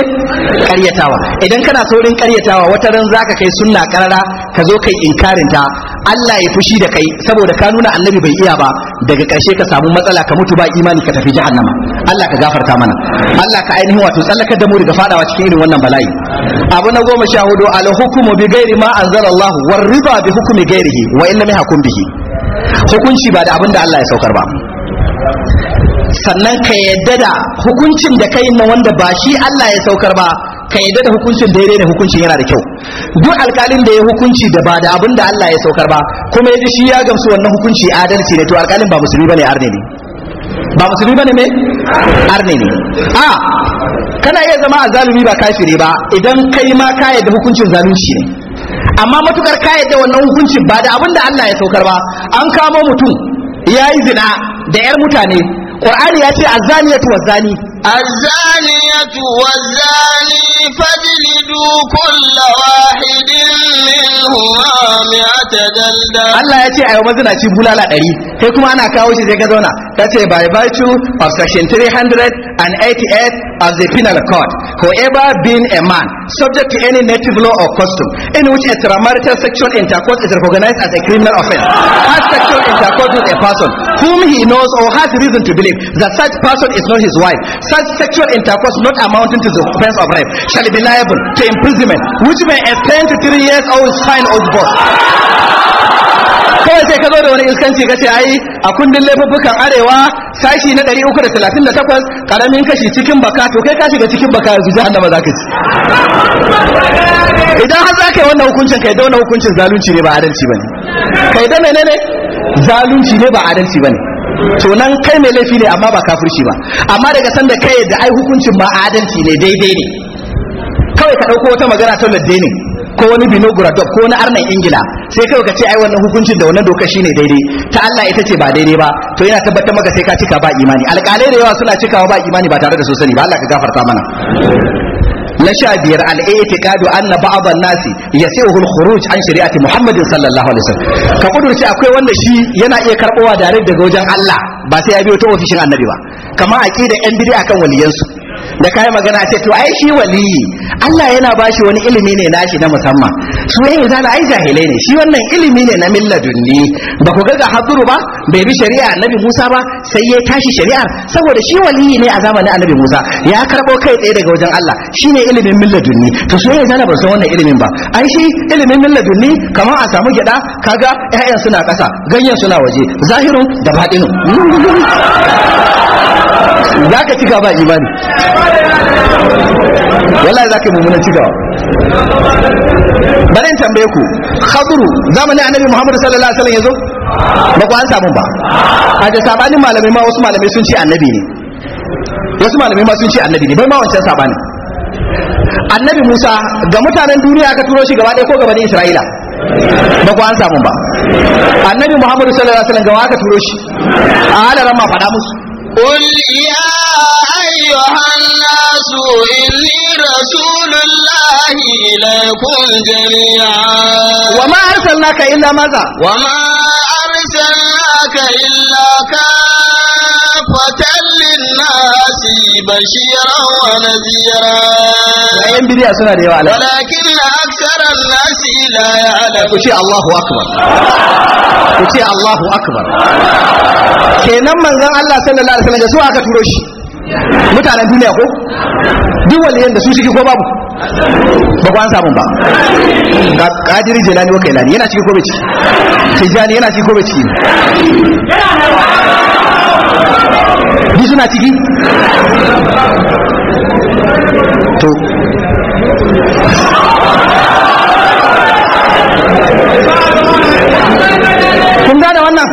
karyatawa idan kana saurin karyatawa wata ran zaka kai sunna karara ka zo kai inkarin ta Allah ya fushi da kai saboda ka nuna annabi bai iya ba daga karshe ka samu matsala ka mutu ba imani ka tafi jahannama Allah ka gafarta mana Allah ka ainihin wato tsallakar da mu daga fadawa cikin irin wannan bala'i abu na goma sha hudu al hukumu bi ghairi ma anzala Allah war riba bi hukmi ghairihi wa inna lam hukum bihi hukunci ba da abin da Allah ya saukar ba sannan ka yadda da hukuncin da kai na wanda ba shi Allah ya saukar ba ka yadda da hukuncin daidai da hukuncin yana da kyau duk alkalin da ya hukunci da ba da abin da Allah ya saukar ba kuma ya ji shi ya gamsu wannan hukunci adalci ne to alkalin ba musulmi bane arne ne ba musulmi bane me arne ne a kana iya zama a zalumi ba kafiri ba idan kai ma ka yadda hukuncin zalunci ne amma matukar ka yadda wannan hukuncin ba da abin da Allah ya saukar ba an kamo mutum ya yi zina da 'yar mutane qur'ani ya ce azaniyatu wazani الزانية والزاني فاجلدوا كل واحد منهما مئة جلدة الله يأتي أيوة مزنا تبولا لا أري هيكما أنا كاوشي زي كذونا كاتي by virtue of section 388 of the penal code whoever being a man subject to any native law or custom in which extramarital sexual intercourse is recognized as a criminal offense has sexual intercourse with a person whom he knows or has reason to believe that such person is not his wife such sexual intercourse not amounting to the offense of rape shall be liable to imprisonment which may extend to three years or fine or divorce kawai sai ka zo da wani iskanci ka ce ai a kundin laifuffukan arewa sashi na 338 karamin kashi cikin baka to kai ka shiga cikin baka yanzu jahannama za ka ci idan har za ka yi wannan hukuncin kai da wannan hukuncin zalunci ne ba adalci ba ne kai da menene zalunci ne ba adalci ba ne to nan kai mai laifi ne amma ba kafirci ba amma daga sanda kai da ai hukuncin ba adalci ne daidai ne kawai ka ɗauko wata magana ta ladde ne ko wani binogura ko wani arnan ingila sai kawai ka ce ai wannan hukuncin da wannan doka shine daidai ta Allah ita ce ba daidai ba to yana tabbatar maka sai ka cika ba imani alƙalai da yawa suna cikawa ba imani ba tare da sosai sani ba Allah ka gafarta mana na sha biyar al-i'tiqadu anna ba'd an-nasi yasihu al-khuruj an shari'ati Muhammadin sallallahu alaihi wasallam ka kudurci akwai wanda shi yana iya karbowa direct daga wajen Allah ba sai ya biyo ta ofishin Annabi ba kamar aqida yan bid'a kan waliyansu da kai magana a ce to ai shi waliyi Allah yana bashi wani ilimi ne nashi na musamman su yayin zala ai jahilai ne shi wannan ilimi ne na milladunni ba ku ga haduru ba bai bi shari'a annabi Musa ba sai ya tashi shari'a saboda shi waliyi ne a zamanin annabi Musa ya karbo kai tsaye daga wajen Allah shine ilimin milladunni to su yayin da ba su wannan ilimin ba ai shi ilimin milladunni kamar a samu gida kaga ƴaƴan suna ƙasa ganyen suna waje zahirun da baɗinun *laughs* za ka cika ba imani wallahi za ka yi mummunan cikawa bari in tambaye ku khaduru zamani annabi muhammadu sallallahu alaihi wasallam yazo ba ku an samu ba a da sabanin malamai ma wasu malamai sun ce annabi ne wasu malamai ma sun ce annabi ne bai ma wancan sabanin annabi musa ga mutanen duniya aka turo shi gaba ɗaya ko gaba da isra'ila ba ku an samu ba annabi muhammadu sallallahu alaihi wasallam ga aka turo shi a halaran ma faɗa musu قل يا أيها الناس إني رسول الله إليكم جميعا وما أرسلناك إلا ماذا وما أرسلناك إلا كافة للناس بشيرا ونذيرا ولكن أكثر الناس لا يعلمون الله أكبر Allahu Akbar kenan manzon Allah sallallahu alaihi wasallam da su aka turo shi mutanen duniya ko duk waliyan da su suke ko babu ba ku an samu ba ga kadiri jelani wa kailani yana cikin kobe bai ciki tijani yana cikin kobe ciki ni suna ciki to kun gane wannan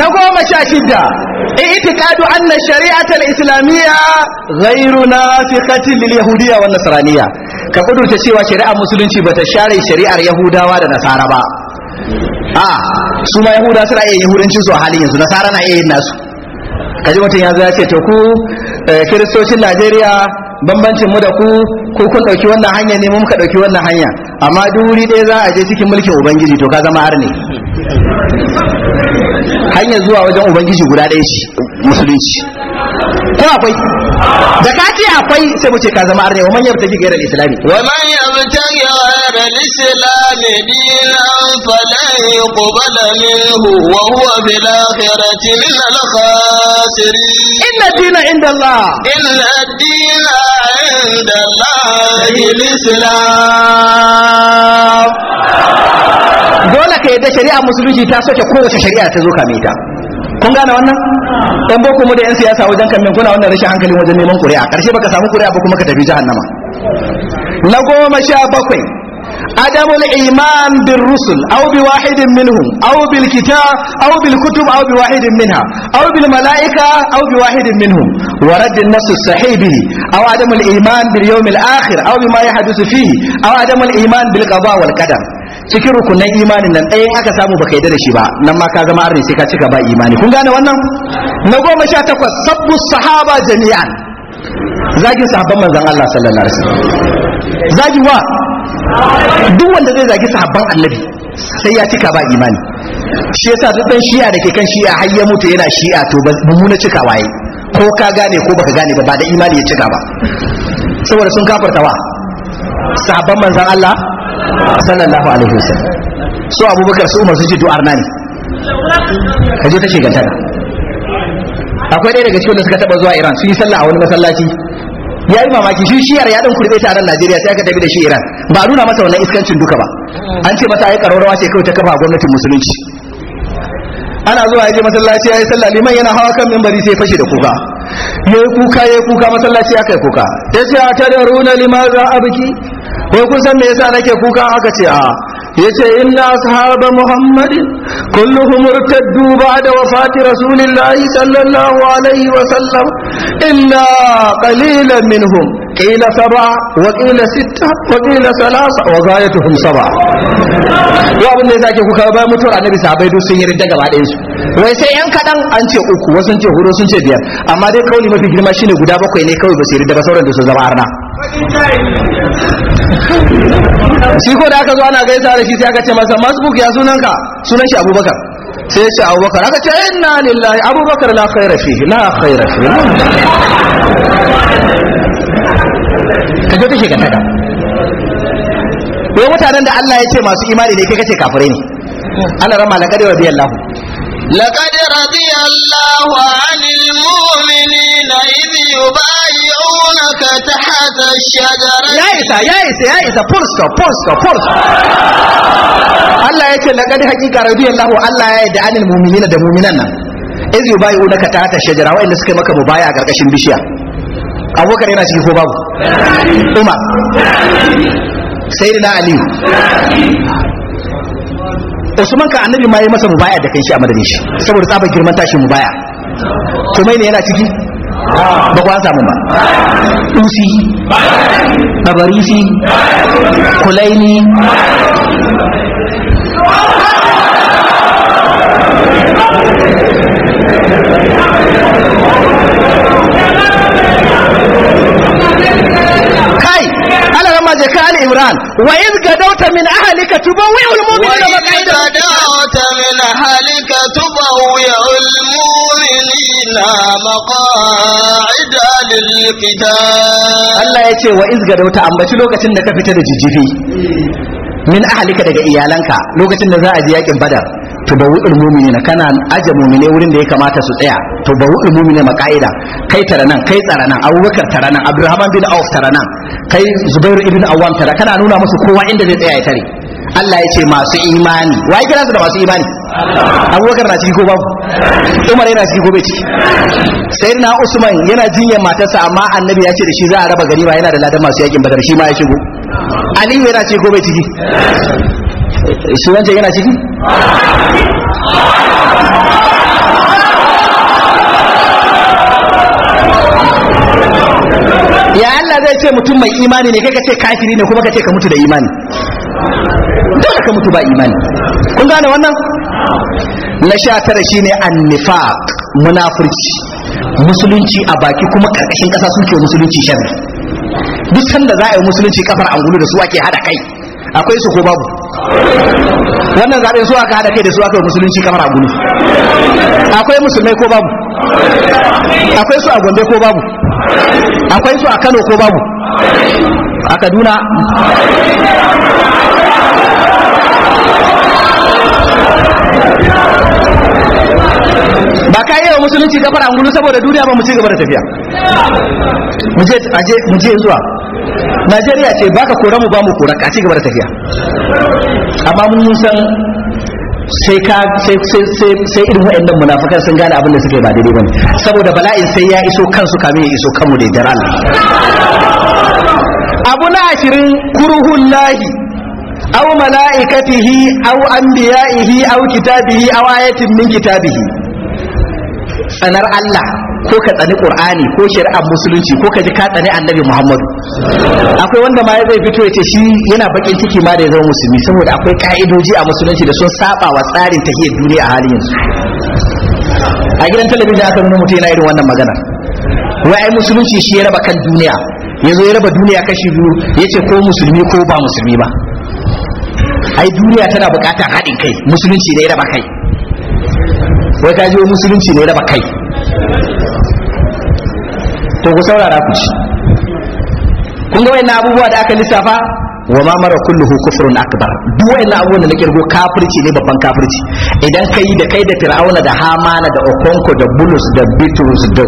na goma sha shidda i'tiqadu anna shari'ata al-islamiyya ghayru nafiqati lil yahudiyya wa nasraniyya ka kudurta cewa shari'ar musulunci bata share shari'ar yahudawa da nasara ba a su ma yahuda suna iya yahudancin su a halin yanzu nasara na iya yin nasu kaji mutum ya zo ya ce to ku eh, kiristocin najeriya bambancin mu da ku ko kun ɗauki wannan hanya ne mu muka dauki wannan hanya amma duk wuri za a je cikin mulkin ubangiji to ka zama arne ne hanyar zuwa wajen ubangiji guda ɗaya ce musulunci ko akwai da ka ce akwai sai mu ce ka zama arne wa man yabtaji ghayra al-islami wa man yabtaji ghayra al-islami dinan falan yuqbala minhu wa huwa fil akhirati min al-khasirin inna dina inda Allah inna dina inda Allah al-islam dole ka yi da shari'a musulunci ta soke kowace shari'a ta zo kame ta kun gane wannan dan boko da yan siyasa wajen kan min kuna wannan rashin hankali wajen neman kuri'a karshe baka samu kuri'a ba kuma ka tafi nama. na goma sha bakwai adamu iman bil rusul aw bi wahidin minhum aw bil kitab aw bil kutub aw bi wahidin minha aw bil malaika aw bi wahidin minhum wa radd an nas sahibi aw adamu iman bil yawm al akhir aw bi ma yahdathu fihi adamu iman bil qada wal qadar cikin rukunan imanin nan ɗaya aka samu baka yi da shi ba nan ma ka zama arni sai ka cika ba imani kun gane wannan na goma sha takwas sabbu sahaba jami'an zagin sahabban manzon Allah sallallahu alaihi wasallam zagi wa duk wanda zai zagi sahabban annabi sai ya cika ba imani shi yasa duk dan shi'a da ke kan shi'a har ya mutu yana shi'a to mummuna cika waye ko ka gane ko baka gane ba ba da imani ya cika ba saboda sun kafarta wa sahabban manzon Allah sallallahu alaihi wasallam So abubakar su umar su ce to arna ne je ta shegantaka akwai ɗaya daga cikin da suka taɓa zuwa iran su yi sallah a wani masallaci ya yi mamaki shi shiyar ya ɗan kurɓe ta nan najeriya sai aka tafi da shi iran ba a nuna masa wannan iskancin duka ba an ce masa ya karorawa ce kawai ta kafa gwamnatin musulunci ana zuwa ya je masallaci ya yi sallah liman yana hawa kan mimbari sai fashe da kuka ya yi kuka ya yi kuka masallaci ya kai kuka ya ce a tare runa limaza abiki wai kun san me yasa nake kuka aka ce a yace inna ashaba muhammadin kulluhum irtaddu ba'da wafati rasulillahi sallallahu alaihi wa sallam illa qalilan minhum qila sab'a wa qila sitta wa qila salasa wa zayatuhum sab'a wa abin da yasa ke kuka bai mutuwar annabi sahabbai duk sun yi ridda gaba ɗayan su wai sai yan kadan an ce uku wasu sun ce hudu sun ce biyar amma dai kauli mafi girma shine guda bakwai ne kawai ba su yi ridda ba sauran da su zama arna shi ko da aka zo ana gaisa da shi sai aka ce masa masbuk ya sunanka sunan shi abubakar sai ya ce abubakar aka ce inna lillahi abubakar la khaira fi la khaira fi ka ta kake ganta da ko mutanen da Allah ya ce masu imani ne kai kace kafirai ne Allah rama la kadewa biyan lahu لقد رضي الله عن المؤمنين إذ يبايعونك تحت الشجرة يا إيسا يا إيسا يا إيسا فرصة فرصة فرصة الله يقول لقد حقيقة رضي الله الله يدعى عن المؤمنين دا مؤمننا إذ يبايعونك تحت الشجرة وإن سكي مبايع قرقشن بشيا أبو بكر هنا تجيبه بابو سيدنا علي usman ka annabi ma yi masa mubaya da kai shi a madadin shi saboda tsabar girman tashi mubaya kuma ne yana ciki ba kwa samu ba usi abarisi kulaini imran wa iz gadawta min ahlika tubawwi'ul mu'minina maq'ida wa iz gadawta min ahlika tubawwi'ul mu'minina maq'ida lil qital Allah yace wa iz gadawta ambaci lokacin da ka fita da jijjifi min ahlika daga iyalanka lokacin da za a je yakin badar To tubawul na kana aje mu'mine wurin da ya kamata su tsaya to tubawul mu'mine maqaida kai tara nan kai tsara nan abubakar tara nan abdurrahman bin auf tara nan kai zubairu ibn awwam tara kana nuna musu kowa inda zai tsaya ya tare Allah ya ce masu imani wai kira su da masu imani abubakar na ciki ko babu umar yana ciki ko bai ciki sayyidina usman yana jinyar matarsa amma annabi ya ce da shi za a raba gari ba yana da ladan masu yakin badar shi ma ya shigo aliyu yana ciki ko bai ciki shi wancan yana ciki ya Allah zai ce mutum mai imani ne kai ka ce kafiri ne kuma ka ce ka mutu da imani dole ka mutu ba imani kun gane wannan na sha tara shine annifaq munafurci musulunci a baki kuma karkashin kasa suke musulunci sharri duk sanda za a yi musulunci kafar angulu da su ake hada kai akwai su ko babu wannan zaɓe su aka haɗa kai da su aka musulunci kamar a gudu akwai musulmai ko babu akwai su a gombe ko babu akwai su a kano ko babu a kaduna ba ka yi wa musulunci gafara an gudu saboda duniya ba mu ci gaba da tafiya mu je zuwa najeriya ce baka kora mu ba mu kora ka ci gaba da tafiya amma mun san sai ka sai irin waɗannan munafikan sun gane abin da suke ba daidai bane saboda bala'in sai ya iso kansu kamin ya iso kanmu da jaral abu na ashirin kuruhun lahi au mala'ikatihi aw anbiya'ihi au kitabihi au ayatin min kitabihi tsanar Allah ko ka tsani Qur'ani ko shari'ar musulunci ko ka ji ka tsani Annabi Muhammadu akwai wanda ma zai fito ya ce shi yana bakin ciki ma da ya zama musulmi saboda akwai ka'idoji a musulunci da sun saba wa tsarin tahiyar duniya a halin yanzu a gidan talabijin aka nuna mutum yana irin wannan magana wai musulunci shi ya raba kan duniya zo ya raba duniya kashi biyu ya ce ko musulmi ko ba musulmi ba ai duniya tana bukatar haɗin kai musulunci ne ya raba kai wai ka jiwo musulunci ne raba kai to ku saurara ku ci kun ga wayannan abubuwa da aka lissafa wa ma mara kulluhu kufrun akbar duk wayannan abubuwan da nake rubo kafirci ne babban kafirci idan kai da kai da fir'auna da hamana da okonko da bulus da bitrus da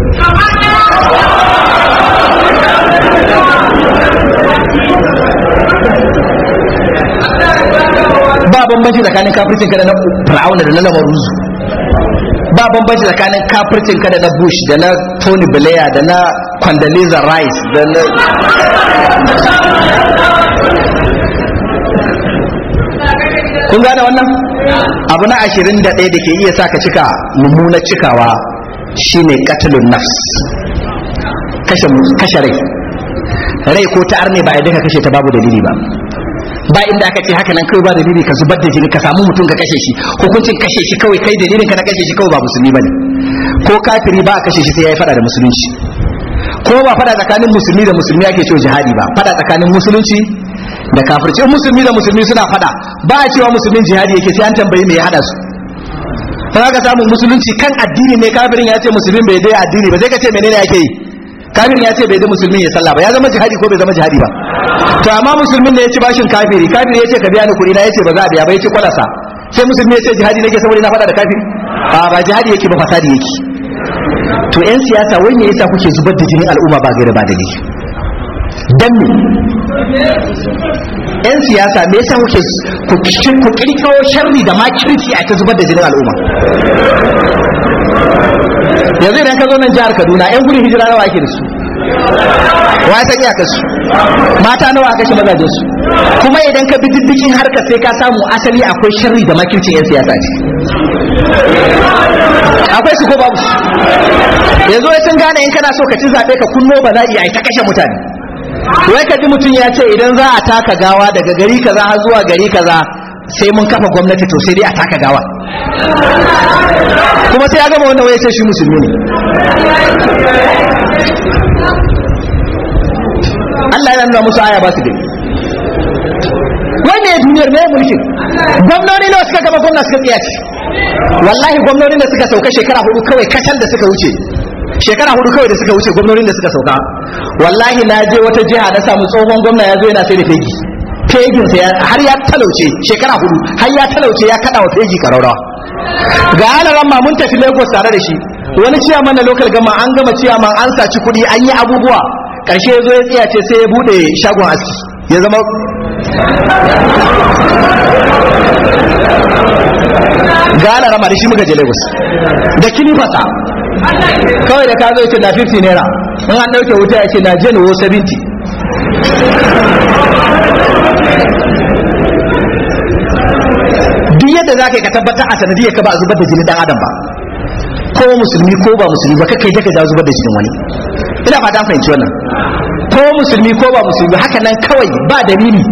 ba bambanci tsakanin kafircin ka da na fir'auna da na lamaruzu ba bambanci tsakanin kafircin ka na bush da na tony blair da na condoleezza rice da na kun gane wannan abu na ashirin da da ke iya sa ka cika mummuna cikawa shine katilun nafs kashe rai rai ko ta'ar ne ba a daga kashe ta babu dalili ba ba inda aka ce haka nan kai ba dalili ka zubar da jini ka samu mutum ka kashe shi hukuncin kashe shi kawai kai dalilin ka na kashe shi kawai ba musulmi bane ko kafiri ba a kashe shi sai yayi fada da musulunci ko ba fada tsakanin musulmi da musulmi ake cewa jihadi ba fada tsakanin musulunci da kafirci musulmi da musulmi suna fada ba a cewa musulmin jihadi yake sai an tambayi me ya hada su sai ka samu musulunci kan addini ne kafirin ya ce musulmin bai dai addini ba sai ka ce menene yake yi kafirin ya ce bai ji musulmin ya sallah ba ya zama jihadi ko bai zama jihadi ba to amma musulmin da ya ci bashin kafiri kafiri ya ce ka biya ni kuɗi na ya ce ba za a biya ba ya ce kwalasa sai musulmi ya ce jihadi nake saboda na faɗa da kafiri a ba jihadi yake ba fasadi yake to yan siyasa wai me yasa kuke zubar da jinin al'umma ba gaira ba dalili dan ne yan siyasa me yasa kuke ku kirkiro sharri da makirci a ta zubar da jinin al'umma yanzu idan ka zo nan jihar kaduna yan gudun hijira nawa ake da su wa ya san iyakar su mata nawa aka shi mazajen su kuma idan ka bi diddigin harka sai ka samu asali akwai sharri da makircin yan siyasa ce akwai su ko babu su yanzu wai sun gane in kana so ka ci zaɓe ka kunno ba bala'i a ta kashe mutane wai ka ji mutum ya ce idan za a taka gawa daga gari kaza har zuwa gari kaza sai mun kafa gwamnati to sai dai a taka gawa kuma sai ya gama wanda waye sai shi musulmi ne Allah ya nuna musu aya ba su gani wannan duniyar mai mulki gwamnoni ne suka gama gwamna suka tsiyaci wallahi gwamnoni ne suka sauka shekara hudu kawai kacal da suka wuce shekara hudu kawai da suka wuce gwamnonin da suka sauka wallahi na je wata jiha na samu tsohon gwamna ya zo yana sai da fegi fejinsa har ya talauce shekara hudu har ya talauce ya kada wa feji karaurawa ga alaran ma mun tafi lagos tare da shi wani ciyaman na lokal gama an gama ciyaman an saci kuɗi an yi abubuwa karshe ya zo ya tsiya ce sai ya bude shagon aski ya zama ga alaran ma da shi muka je lagos da kini fasa kawai da ka zo ce na 50 naira in an ɗauke wuta ya ce na je ne wo 70 za ka yi ka tabbatar a sanadiyar ka ba a zubar da jinin dan adam ba ko musulmi ko ba musulmi ba kai da ka zubar da jinin wani ina ba ta fahimci wannan ko musulmi ko ba musulmi haka nan kawai ba dalili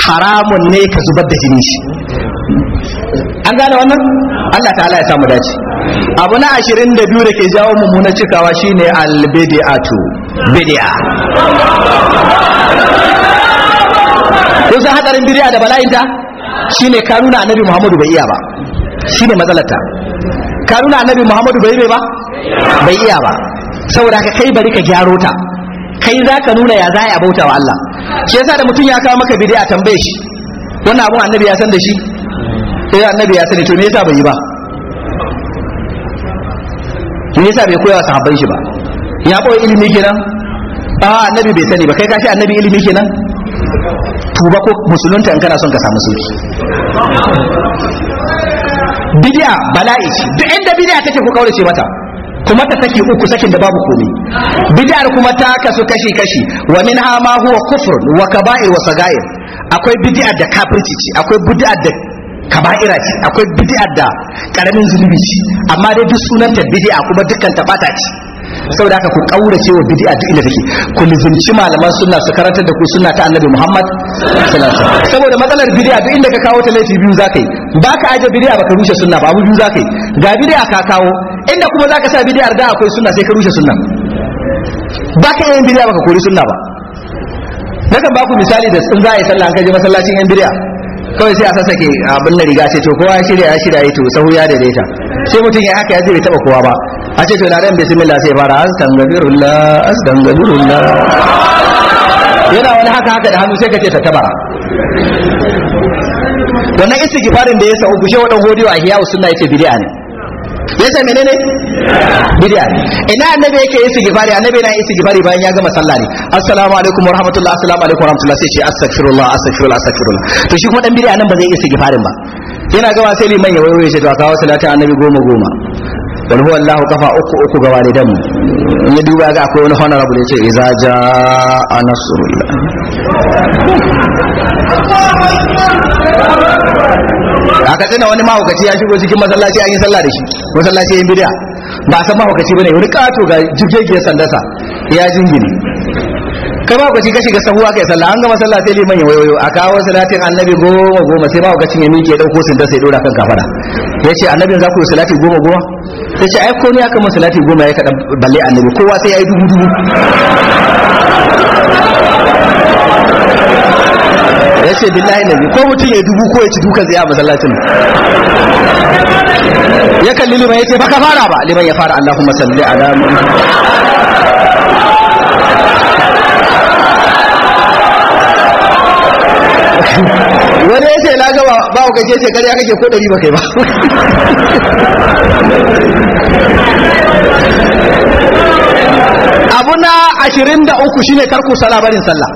haramun ne ka zubar da jini shi an gane wannan Allah ta'ala ya samu dace abu na ashirin da biyu da ke jawo mummunan cikawa shine albidi'atu bidi'a kun san hadarin bidi'a da bala'inta shine ka nuna annabi muhammadu bai iya ba shine matsalarta ka nuna annabi muhammadu bai bai ba bai iya ba saboda ka kai bari ka gyaro ta kai za ka nuna ya za a bauta wa Allah shi yasa da mutum ya kawo maka bid'a tambaye shi wannan abun annabi ya san da shi eh annabi ya sani to me yasa bai yi ba me yasa bai koya sahabban shi ba ya koyi ilimi kenan a annabi bai sani ba kai ka shi annabi ilimi kenan tuba ko musulunta in kana son ka samu sauki bidiya bala'i duk inda bidiya take ku kaurace mata kuma ta saki uku sakin da babu komai bid'ar kuma ta kasu kashi kashi wa min ha ma huwa kufr wa kaba'ir wa sagair akwai bidiyar da kafirci ce akwai bidiyar da kaba'ira ce akwai bidiyar da karamin zunubi ce amma dai duk sunanta bidiya kuma dukkan ta bata ce saboda haka ku kaurace wa bid'a duk inda take ku lizimci malaman sunna su karantar da ku sunna ta annabi Muhammad sallallahu alaihi wasallam saboda matsalar bid'a duk inda ka kawo ta laifi biyu zakai baka aje bid'a baka rushe sunna ba abu biyu zakai ga bid'a ka kawo inda kuma zaka sa bid'a da akwai sunna sai ka rushe sunna baka yin bid'a baka kori sunna ba nakan ba ku misali da in za sallah an kaje masallacin yan bid'a kawai sai a sassake abin da riga sai to kowa ya shirya ya shirya ya to sahu ya daidaita sai mutum ya haka ya zai taba kowa ba a ce tunaren bismillah sai fara astaghfirullah astaghfirullah yana wani haka haka da hannu sai kace ta tabara wannan istighfarin da ya sa uku shi wadan hodiyo a hiyawu sunna yace bid'a ne yasa menene bid'a ne ina annabi yake istighfari annabi na istighfari bayan ya gama sallah ne assalamu alaikum wa assalamu alaikum wa sai ce astaghfirullah astaghfirullah astaghfirullah to shi kuma dan bid'a nan ba zai istighfarin ba yana gaba sai liman ya wayo ya ce to kawo salati annabi goma goma bal huwa Allahu kafa uku uku ga walidan in ya duba ga akwai wani honorable da yace iza ja nasrullah aka tsina wani mahaukaci ya shigo cikin masallaci an yi sallah da shi masallaci yin bid'a ba san mahaukaci bane wani kato ga jirgegiyar sandasa ya jingine ka ba ku ci ka shiga sahuwa kai sallah an gama sallah sai liman ya wayoyo a kawo salatin annabi goma goma sai ba ku cin ya miƙe dauko sun da sai dora kan kafara ya ce annabin za ku yi salati goma goma sai ce ai ko ne aka mun salati goma ya kaɗan balle annabi kowa sai ya yi dubu dubu ya ce billahi nabi ko mutum ya dubu ko ya ci dukan zai a masallacin ya kalli liman ya ce baka fara ba liman ya fara allahumma salli ala muhammad wani ya ce na gaba ba ku kake ce kariya kake ko dari ba kai ba abu na ashirin da uku shine karku sala barin sallah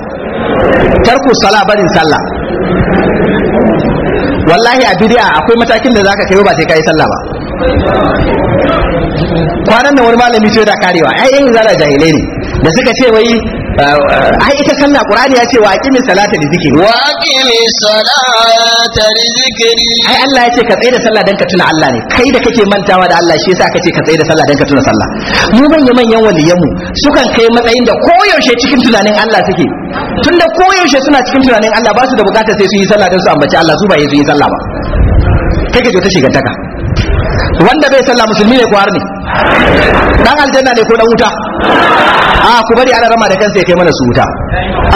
karku sala barin sallah wallahi a bid'a akwai matakin da za ka kaiwa ba sai ka yi sallah ba kwanan da wani malami ce da karewa ai in zala jahilai ne da suka ce wai ai ita sallah qur'ani ya ce wa aqimi salata li zikri wa aqimi salata li zikri ai Allah ya ce ka tsaya da sallah dan ka tuna Allah ne kai da kake mantawa da Allah shi yasa kace ka tsaya da sallah dan ka tuna sallah mu manyan manyan waliyan mu sukan kai matsayin da koyaushe cikin tunanin Allah suke tunda koyaushe suna cikin tunanin Allah ba su da bukata sai su yi sallah dan su ambaci Allah su ba su yi sallah ba kake ta shigantaka wanda bai sallah musulmi ne ko har ne dan aljanna ne ko dan wuta ah ku bari ala rama da kansa ya kai mana su wuta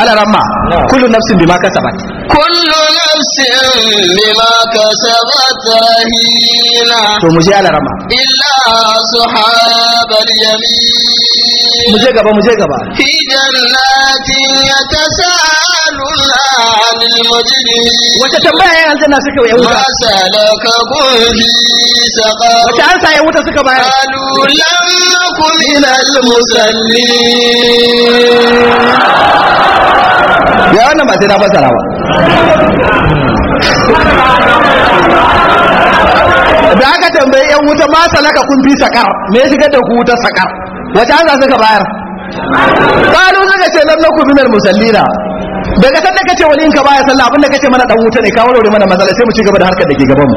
ala rama kullu nafsin bima kasabat kullu nafsin bima kasabat rahina to mu je ala rama illa ashabal yamin mu je gaba mu je gaba wata tambaya ya na suka yi wuta masalaka an sa ya wuta suka bayar ya wani ba sai na fasara ba da aka tambaye yan wuta ma salaka kun fi sakar me shiga da ku wuta sakar wace an suka bayar kalu suka ce lam naku minal musallina daga ka kace wani in ka baya sallah abinda kace mana dan wuta ne ka warware mana matsala sai mu ci gaba da harkar da ke gaban mu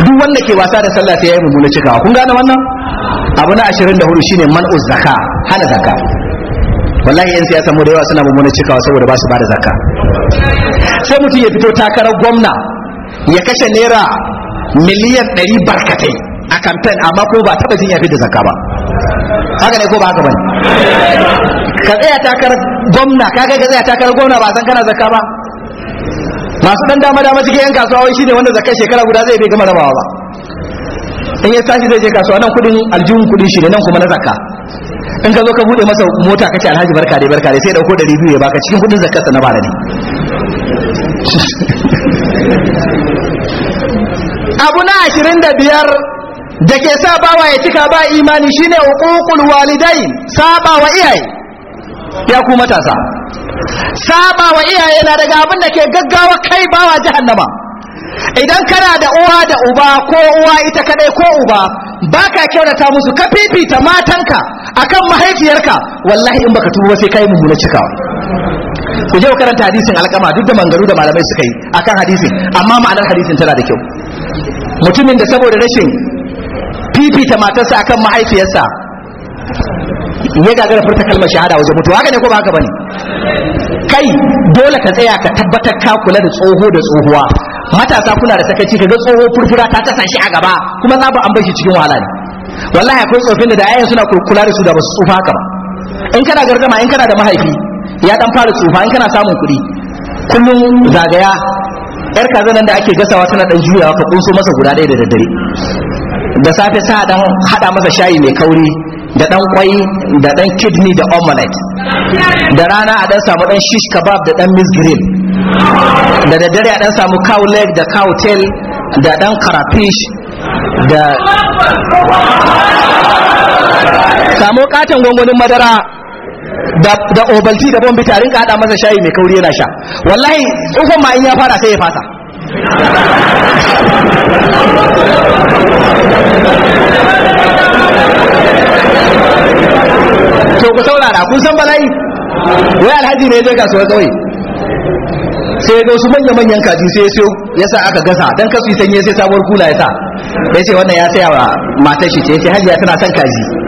duk wanda ke wasa da sallah sai yayi mummuna cika kun gane wannan abu na 24 shine man'uz zaka hana zaka wallahi yan siyasa mu da yawa suna mummuna cikawa saboda ba su bada zaka sai mutum ya fito takarar gwamna ya kashe naira miliyan 100 barkatai a kamfen amma kuma ba taba jin ya fi da zaka ba haka ne ko ba haka bane ka tsaya takarar gwamna ka kai ka tsaya takarar gwamna ba san kana zakka ba masu dan dama dama cikin yan kasuwa wai shine wanda zakka shekara guda zai bai gama rabawa ba in ya tashi zai je kasuwa nan kudin aljihun kudin shi ne nan kuma na zakka in ka zo ka bude masa mota kace alhaji barka dai barka dai sai dauko 200 ya baka cikin kudin zakkarsa na bara ne *laughs* abu na ashirin da biyar da ke sa bawa ya cika ba imani shine hukukul walidain saba wa iyaye ya ku matasa saba wa iyaye na daga abin da ke gaggawa kai bawa jahannama idan kana da uwa da uba ko uwa ita kadai ko uba baka kyautata musu ka fifita matanka akan mahaifiyarka wallahi in baka tuba sai kai mummuna cikawa ku je karanta hadisin alkama duk da mangaru da malamai suka yi akan hadisin amma ma'anar hadisin tana da kyau mutumin da saboda rashin fifita matarsa akan mahaifiyarsa ya gagara furta kalmar shahada wajen mutuwa haka ne ko ba haka bane kai dole ka tsaya ka tabbatar ka kula da tsoho da tsohuwa matasa kuna da sakaci kaga tsoho furfura ta tasa shi a gaba kuma ba an bar shi cikin wahala ne wallahi akwai tsofin da ayyan suna kula da su da basu tsufa haka ba in kana gargama in kana da mahaifi ya dan fara tsufa in kana samun kuɗi kullum zagaya yar kaza nan da ake gasawa tana dan juyawa ka kunso masa guda ɗaya da daddare da safe sa dan hada masa shayi mai kauri da dan kwai da dan kidney da omelette da rana a dan samu dan shish kebab da dan miss grill da daddare a dan samu cow leg da cow tail da dan karafish da samu katon gwangwanin madara da obalti da bombi tarin ka hada masa shayi mai kauri yana sha wallahi tsufan ma in ya fara sai ya fasa to ku saurara kun san bala'i wai alhaji ne ya je kasuwar kauye sai ga wasu manya-manyan kaji sai ya siyo ya sa aka gasa dan kasu yi sanye sai sabuwar kula ya sa ya ce wannan ya saya wa matar shi ce ya ce hajiya tana son kaji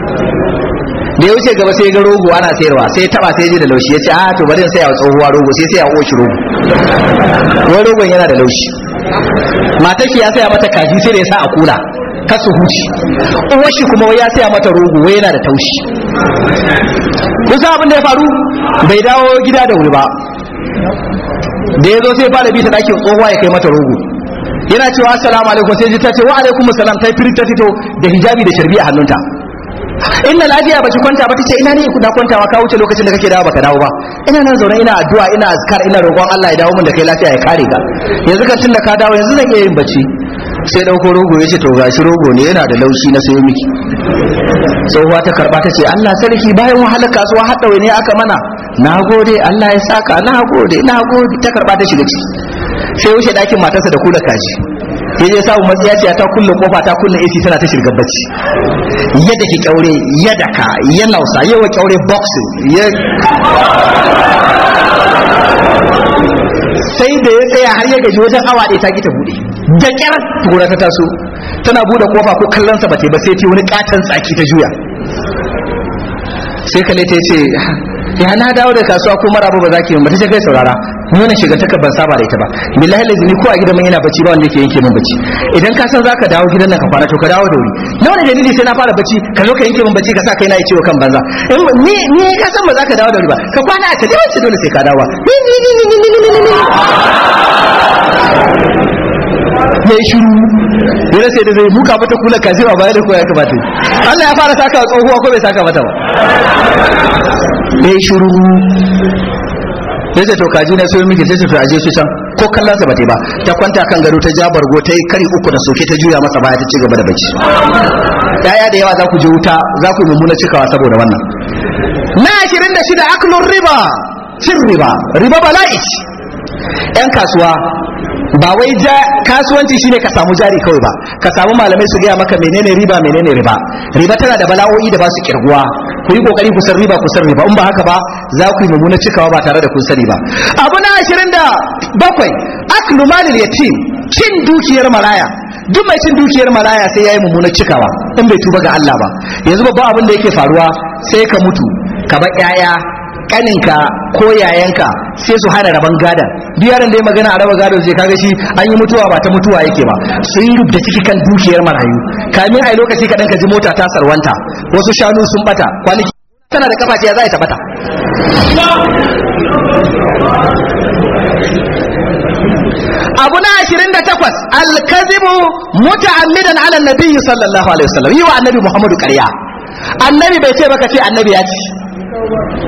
da ya wuce gaba sai ga rogo ana sayarwa sai ya taba sai ji da laushi ya ce a ah, to bari sai saya tsohuwa rogo sai saya oshi rogo wai rogon yana da laushi mata ki ya saya mata kaji sai da ya sa a kula ka su huci uwar shi kuma ya saya mata rogo wai yana da taushi kusa abin da ya faru bai dawo gida da wuri ba da ya zo sai fara bi ta dakin tsohuwa ya kai mata rogo yana cewa assalamu alaikum sai ji ta ce wa alaikum salam ta yi ta fito da hijabi da sharbi a hannunta inna lafiya baki kwanta ba tace ina ne na kwantawa ka wuce lokacin da kake dawo baka dawo ba ina nan zaune ina addu'a ina azkar ina roƙon Allah ya dawo min da kai lafiya ya kare ka yanzu kan tunda ka dawo yanzu zan iya yin bacci sai dauko rogo yace to gashi rogo ne yana da laushi na sayo miki tsohuwa ta karba ta ce Allah sarki bayan wahalar kasuwa har ɗaure ne aka mana na gode Allah ya saka na gode gode ta karba ta shiga ciki sai wuce ɗakin matarsa da kula kaji ya je samu ce ta kulle kofa ta kulle AC tana ta shirga bacci ya daki kyaure ya ka ya nausa yawa kyaure boxing ya sai da ya tsaya har ya gaji wajen awa ɗaya ta gita buɗe da ƙyar tukuna ta taso tana buɗe kofa ko kallon sa bata ba sai ta wani ƙaton tsaki ta juya sai kale ta ce ya na dawo da kasuwa ko mara ba za ki yi ba ta ce kai saurara ni shiga taka ban saba da ita ba billahi lazi ni ko a gidan yana bacci ba wanda yake yanke min bacci idan ka san zaka dawo gidan nan ka fara to ka dawo da wuri na wani dalili sai na fara bacci ka zo ka yanke min bacci ka sa kaina ya ciwo kan banza ni ni ka san ba zaka dawo da wuri ba ka kwana a tafi wacce dole sai ka dawo ni ni ni ni ni ni ni ya yi shiru Dole sai da zai muka mata kula kaji ba baya da koya ka bata Allah ya fara saka tsohuwa ko bai saka mata ba ya yi shiru ya ce to kaji na sayo miki sai ce to aje su can ko kallon sa bata ba ta kwanta kan gado ta ja bargo ta yi kari uku da soke ta juya masa baya ta ci gaba da bacci yaya da yawa za ku je wuta za ku yi mummuna cikawa saboda wannan na 26 aklun riba cin riba riba bala'i yan kasuwa ba wai ja kasuwanci shine ka samu jari kawai ba ka samu malamai su gaya maka menene riba menene riba riba tana da bala'o'i da ba su kirguwa ku yi kokari ku san riba ku san riba in ba haka ba za ku yi mummuna cikawa ba tare da kun sani ba abu na ashirin da bakwai aklu malil yatim cin dukiyar maraya duk mai cin dukiyar maraya sai ya yi mummuna cikawa in bai tuba ga Allah ba yanzu babban abin da yake faruwa sai ka mutu ka bar 'ya'ya kaninka ko yayanka sai su hana rabon gada duk da ya magana a raba gado sai kaga shi an yi mutuwa ba ta mutuwa yake ba sun yi rubda ciki kan dukiyar marayu kamin yi lokaci kaɗan ka ji mota ta sarwanta wasu shanu sun bata kwanaki tana da kafa ya za ta bata abu na ashirin da takwas alkazibu muta'ammidan ala nabiyyi sallallahu alaihi wasallam yi wa annabi muhammadu ƙarya annabi bai ce baka ce annabi ya ci.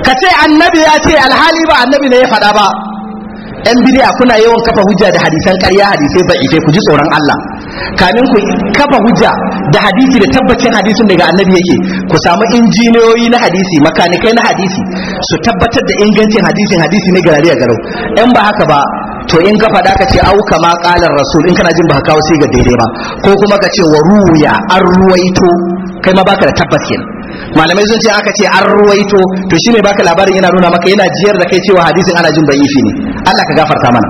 ka ce annabi ya ce alhali ba annabi ne ya faɗa ba yan bidiya kuna yawan kafa hujja da hadisan ƙarya hadisai ba za'ife ku ji tsoron Allah kamin ku kafa hujja da hadisi da tabbacin hadisin daga annabi yake ku samu injiniyoyi na hadisi makanikai na hadisi su tabbatar da ingancin hadisin hadisi ne garari a garau yan ba haka ba to in ka faɗa ka ce au kama ƙalar rasul in kana jin ba ka kawo sai ga daidai ba ko kuma ka ce wa ruya an ruwaito kai ma baka da tabbas kenan malamai sun ce aka ce an ruwaito to shine baka labarin yana nuna maka yana jiyar da kai cewa hadisin ana jin da'ifi ne Allah ka gafarta mana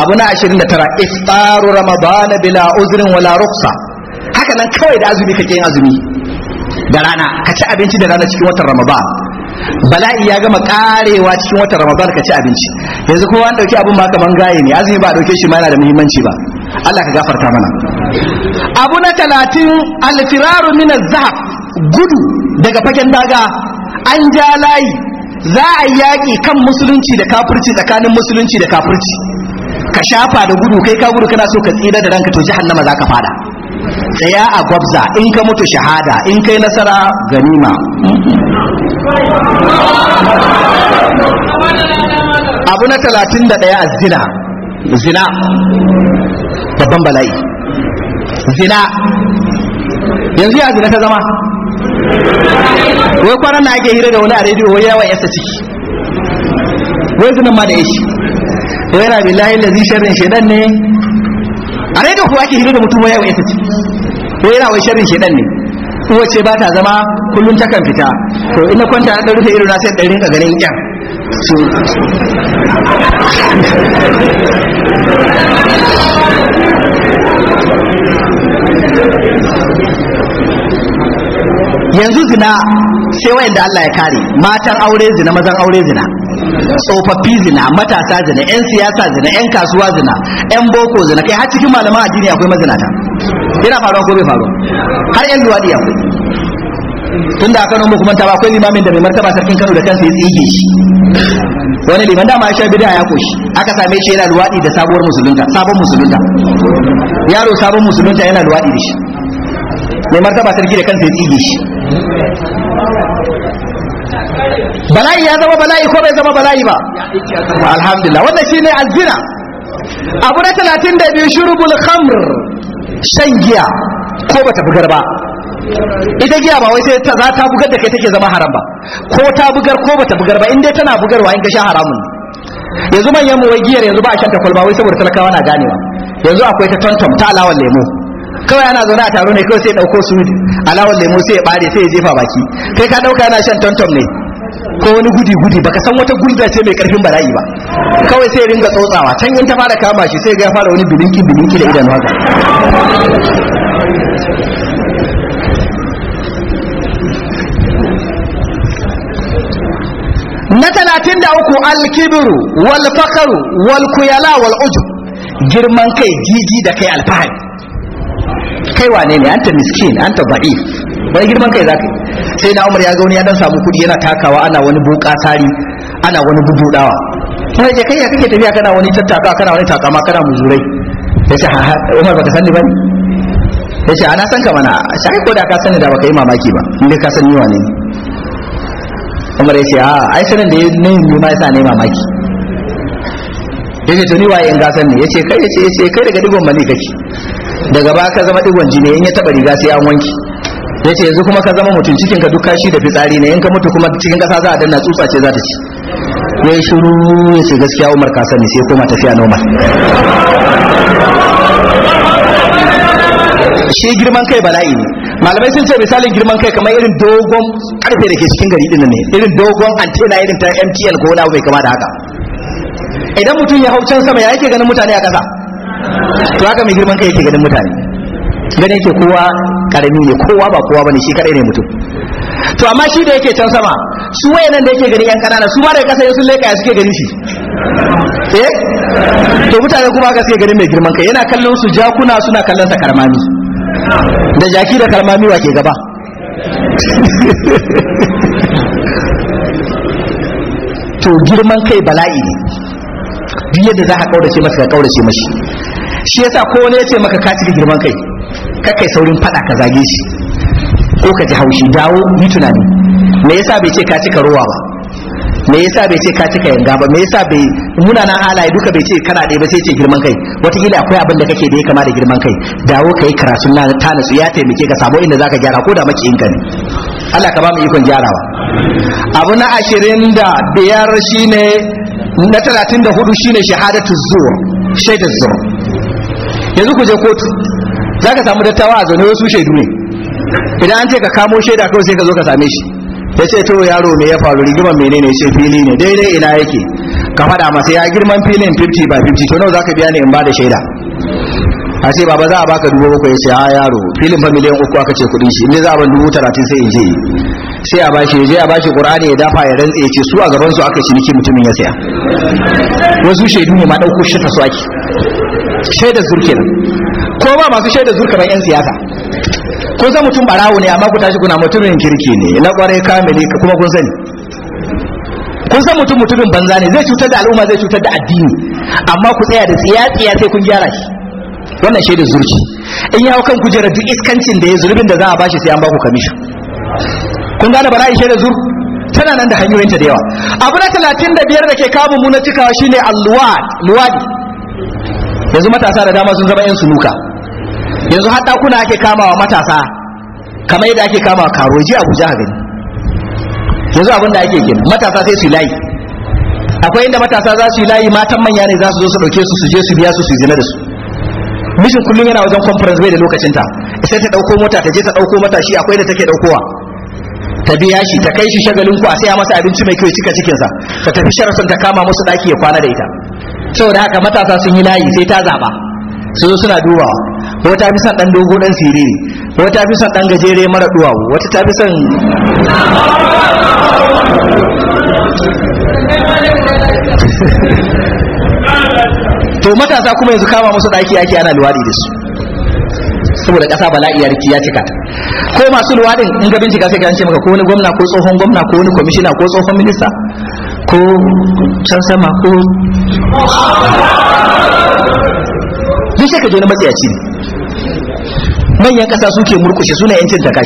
abu na 29 iftaru ramadan bila uzrin wala ruksa haka nan kawai da azumi kake yin azumi da rana ka ci abinci da rana cikin watan ramadan bala'i ya gama karewa cikin watan ramadan ka ci abinci yanzu kowa an dauki abun ba kaman gaye ne azumi ba a dauke shi ma yana da muhimmanci ba Allah ka gafarta mana abu na talatin alfiraru min zahab gudu daga fagen daga an ja layi za a yaƙi kan musulunci da kafirci tsakanin musulunci da kafirci ka shafa da gudu kai ka gudu kana so ka tsira da ranka to jahannama za ka fada tsaya a gwabza in ka mutu shahada in kai nasara ganima abu na talatin da ɗaya a zina babban bala'i zina yanzu ya zina ta zama wai kwanan na ake hira da wani a rediyo wai yawa yasa ciki wai zinan ma da yashi wai yana billahi lazi sharrin shedan ne a rediyo kuwa ake hira da mutum wai yawa yasa ciki wai yana wai sharrin shedan ne uwace ba ta zama kullum ta kan fita to ina kwanta na rufe irin na sai ɗarin ka ganin kyan yanzu zina sai wayanda Allah ya kare matan aure zina mazan aure zina tsofaffi zina matasa zina yan siyasa zina yan kasuwa zina yan boko zina kai har cikin malaman addini akwai mazinata yana faruwa ko bai faruwa har yan luwaɗi akwai tunda aka Kano kuma ta ba akwai limamin da mai martaba sarkin Kano da kansa ya tsige shi wani liman dama ya sha bid'a ya koshi aka same shi yana luwaɗi da sabuwar musulunta sabon musulunta yaro sabon musulunta yana luwaɗi da shi mai martaba sarki da kansa ya tsige shi bala'i ya zama bala'i ko bai zama bala'i ba alhamdulillah wannan shine alzina abu na 32 shurbul khamr shan giya ko ba ta bugar ba ita giya ba wai sai ta za ta bugar da kai take zama haram ba ko ta bugar ko ba ta bugar ba inda tana bugarwa in ga sha haramun yanzu manyan mu wai giyar yanzu ba a shan ta kwalba wai saboda talakawa na ganewa yanzu akwai ta tantam ta alawar lemu. kawai ana zaune a taro ne kawai sai dauko su alawar lemo sai ya bare sai ya jefa baki kai ka dauka yana shan tantom ne ko wani gudi gudi baka san wata gulda ce mai karfin bala'i ba kawai sai ringa tsotsawa can in ta fara kama shi sai ga fara wani bilinki bilinki da idanu haka na talatin da uku alkibiru wal fakaru wal kuyala wal ujub girman kai gigi da kai alfahari kai wane ne anta miskin anta da'if bai girman kai zaka sai na umar ya ga wani ya dan samu kudi yana takawa ana wani buka sari ana wani bubudawa sai ya kai ya kake tafiya kana wani tattaka kana wani takama kana muzurai ya ha umar baka sani bane yace ana san ka mana sai ko da ka sani da baka yi mamaki ba inda ka sani wane ne umar ce a ai sanin da ne ni ma yasa ne mamaki yace to ni waye in gasan ne yace kai yace yace kai daga digon mali kake daga ba ka zama digon jini in ya taba riga sai an wanki ya ce yanzu kuma ka zama mutum cikin ka duk kashi da fitsari ne in ka mutu kuma cikin kasa za a danna tsutsa ce za ta ci ya yi shuru ya ce gaskiya umar ka sani sai koma tafiya noma shi girman kai bala'i ne malamai sun ce misalin girman kai kamar irin dogon karfe da ke cikin gari din ne irin dogon antena irin ta MTN ko wani abu mai kama da haka idan mutum ya hau can sama ya yake ganin mutane a kasa to haka mai girman kai yake ganin mutane ganin yake kowa karami ne kowa ba kowa bane shi kadai ne mutum to amma shi da yake can sama su waye nan da yake gani yan kanana su ba da kasa sun leka ya suke gani shi eh to mutane kuma haka suke ganin mai girman kai yana kallon su jakuna suna kallon sa karmami da jaki da karmami wa ke gaba *laughs* to girman kai bala'i ne duk yadda za ka kaurace masa ka kaurace mashi shi yasa ko wani ya ce maka ka cika girman kai kakai saurin fada ka zage shi ko ka ji haushi dawo yi tunani me yasa bai ce ka cika ruwa ba me yasa bai ce ka cika yanga ba me yasa bai munanan halaye duka bai ce kana ɗaya ba sai ce girman kai wata wataƙila akwai abin da kake da ya kama da girman kai dawo ka yi karatu na ta nasu ya taimake ka samu inda zaka gyara ko da maki in ne Allah ka ba mu ikon gyarawa abu na ashirin da biyar shine na da hudu shine shahadatu zuwa shaidar zuwa yanzu ku je kotu za ka samu dattawa a zaune wasu shaidu ne idan an ce ka kamo shaida kawai sai ka zo ka same shi ya ce to yaro me ya faru rigimar mene ne ce fili ne daidai ina yake ka faɗa masa ya girman filin 50 ba 50 to nawa za ka biya ne in ba da shaida a ce baba za a baka dubu uku ya ce a ah, yaro filin familiyan miliyan uku aka ce kudin shi inda za a ban dubu talatin sai in je yi. sai a bashi je a bashi qur'ani ya dafa ya rantsa ya ce su a gaban su aka ci nake mutumin ya saya wasu shaidu ne ma dauko shi ta su ake shaidar zurke ko ba masu shaidar zurka ban yan siyasa ko za mutum barawo ne amma ku tashi kuna mutumin kirki ne na kwarai kamili kuma kun sani kun san mutum mutumin banza ne zai cutar da al'umma zai cutar da addini amma ku tsaya da tsiya tsiya sai kun gyara shi wannan shaidar zurki in yawo kan kujerar duk iskancin da ya zurbin da za a bashi sai an baku kamishin kun gane bara ishe da zur tana nan da hanyoyinta da yawa abu na talatin da biyar da ke kamun mu na cikawa shine alluwadi luwadi yanzu matasa da dama sun zama yan sunuka yanzu har ɗakuna ake kamawa matasa kamar yadda ake kama karoji abuja a gani yanzu abin da ake gina matasa sai su layi akwai inda matasa za su yi layi matan manya ne za su zo su ɗauke su su je su biya su su zina da su mishin kullum yana wajen conference bai da lokacinta sai ta ɗauko mota ta je ta ɗauko matashi akwai da take ɗaukowa ta biya shi ta kai shi shagalin ku a saya masa abinci mai kyau cika cikinsa ta tafi sharafin ta kama musu daki ya kwana da ita saboda haka matasa sun yi layi sai ta zaba su zo suna dubawa wata ta fi son dan dogo dan siriri ko ta fi son dan gajere mara duwawu wata ta fi son *laughs* to matasa kuma yanzu kama musu daki ake ana luwadi da su saboda ƙasa bala'i ya ya cika ta ko masu luwadin in ga bincika sai ka ce maka ko wani gwamna ko tsohon gwamna ko wani kwamishina ko tsohon minista ko can sama ko duk shi ka je na ne manyan ƙasa suke murkushe suna yancin ta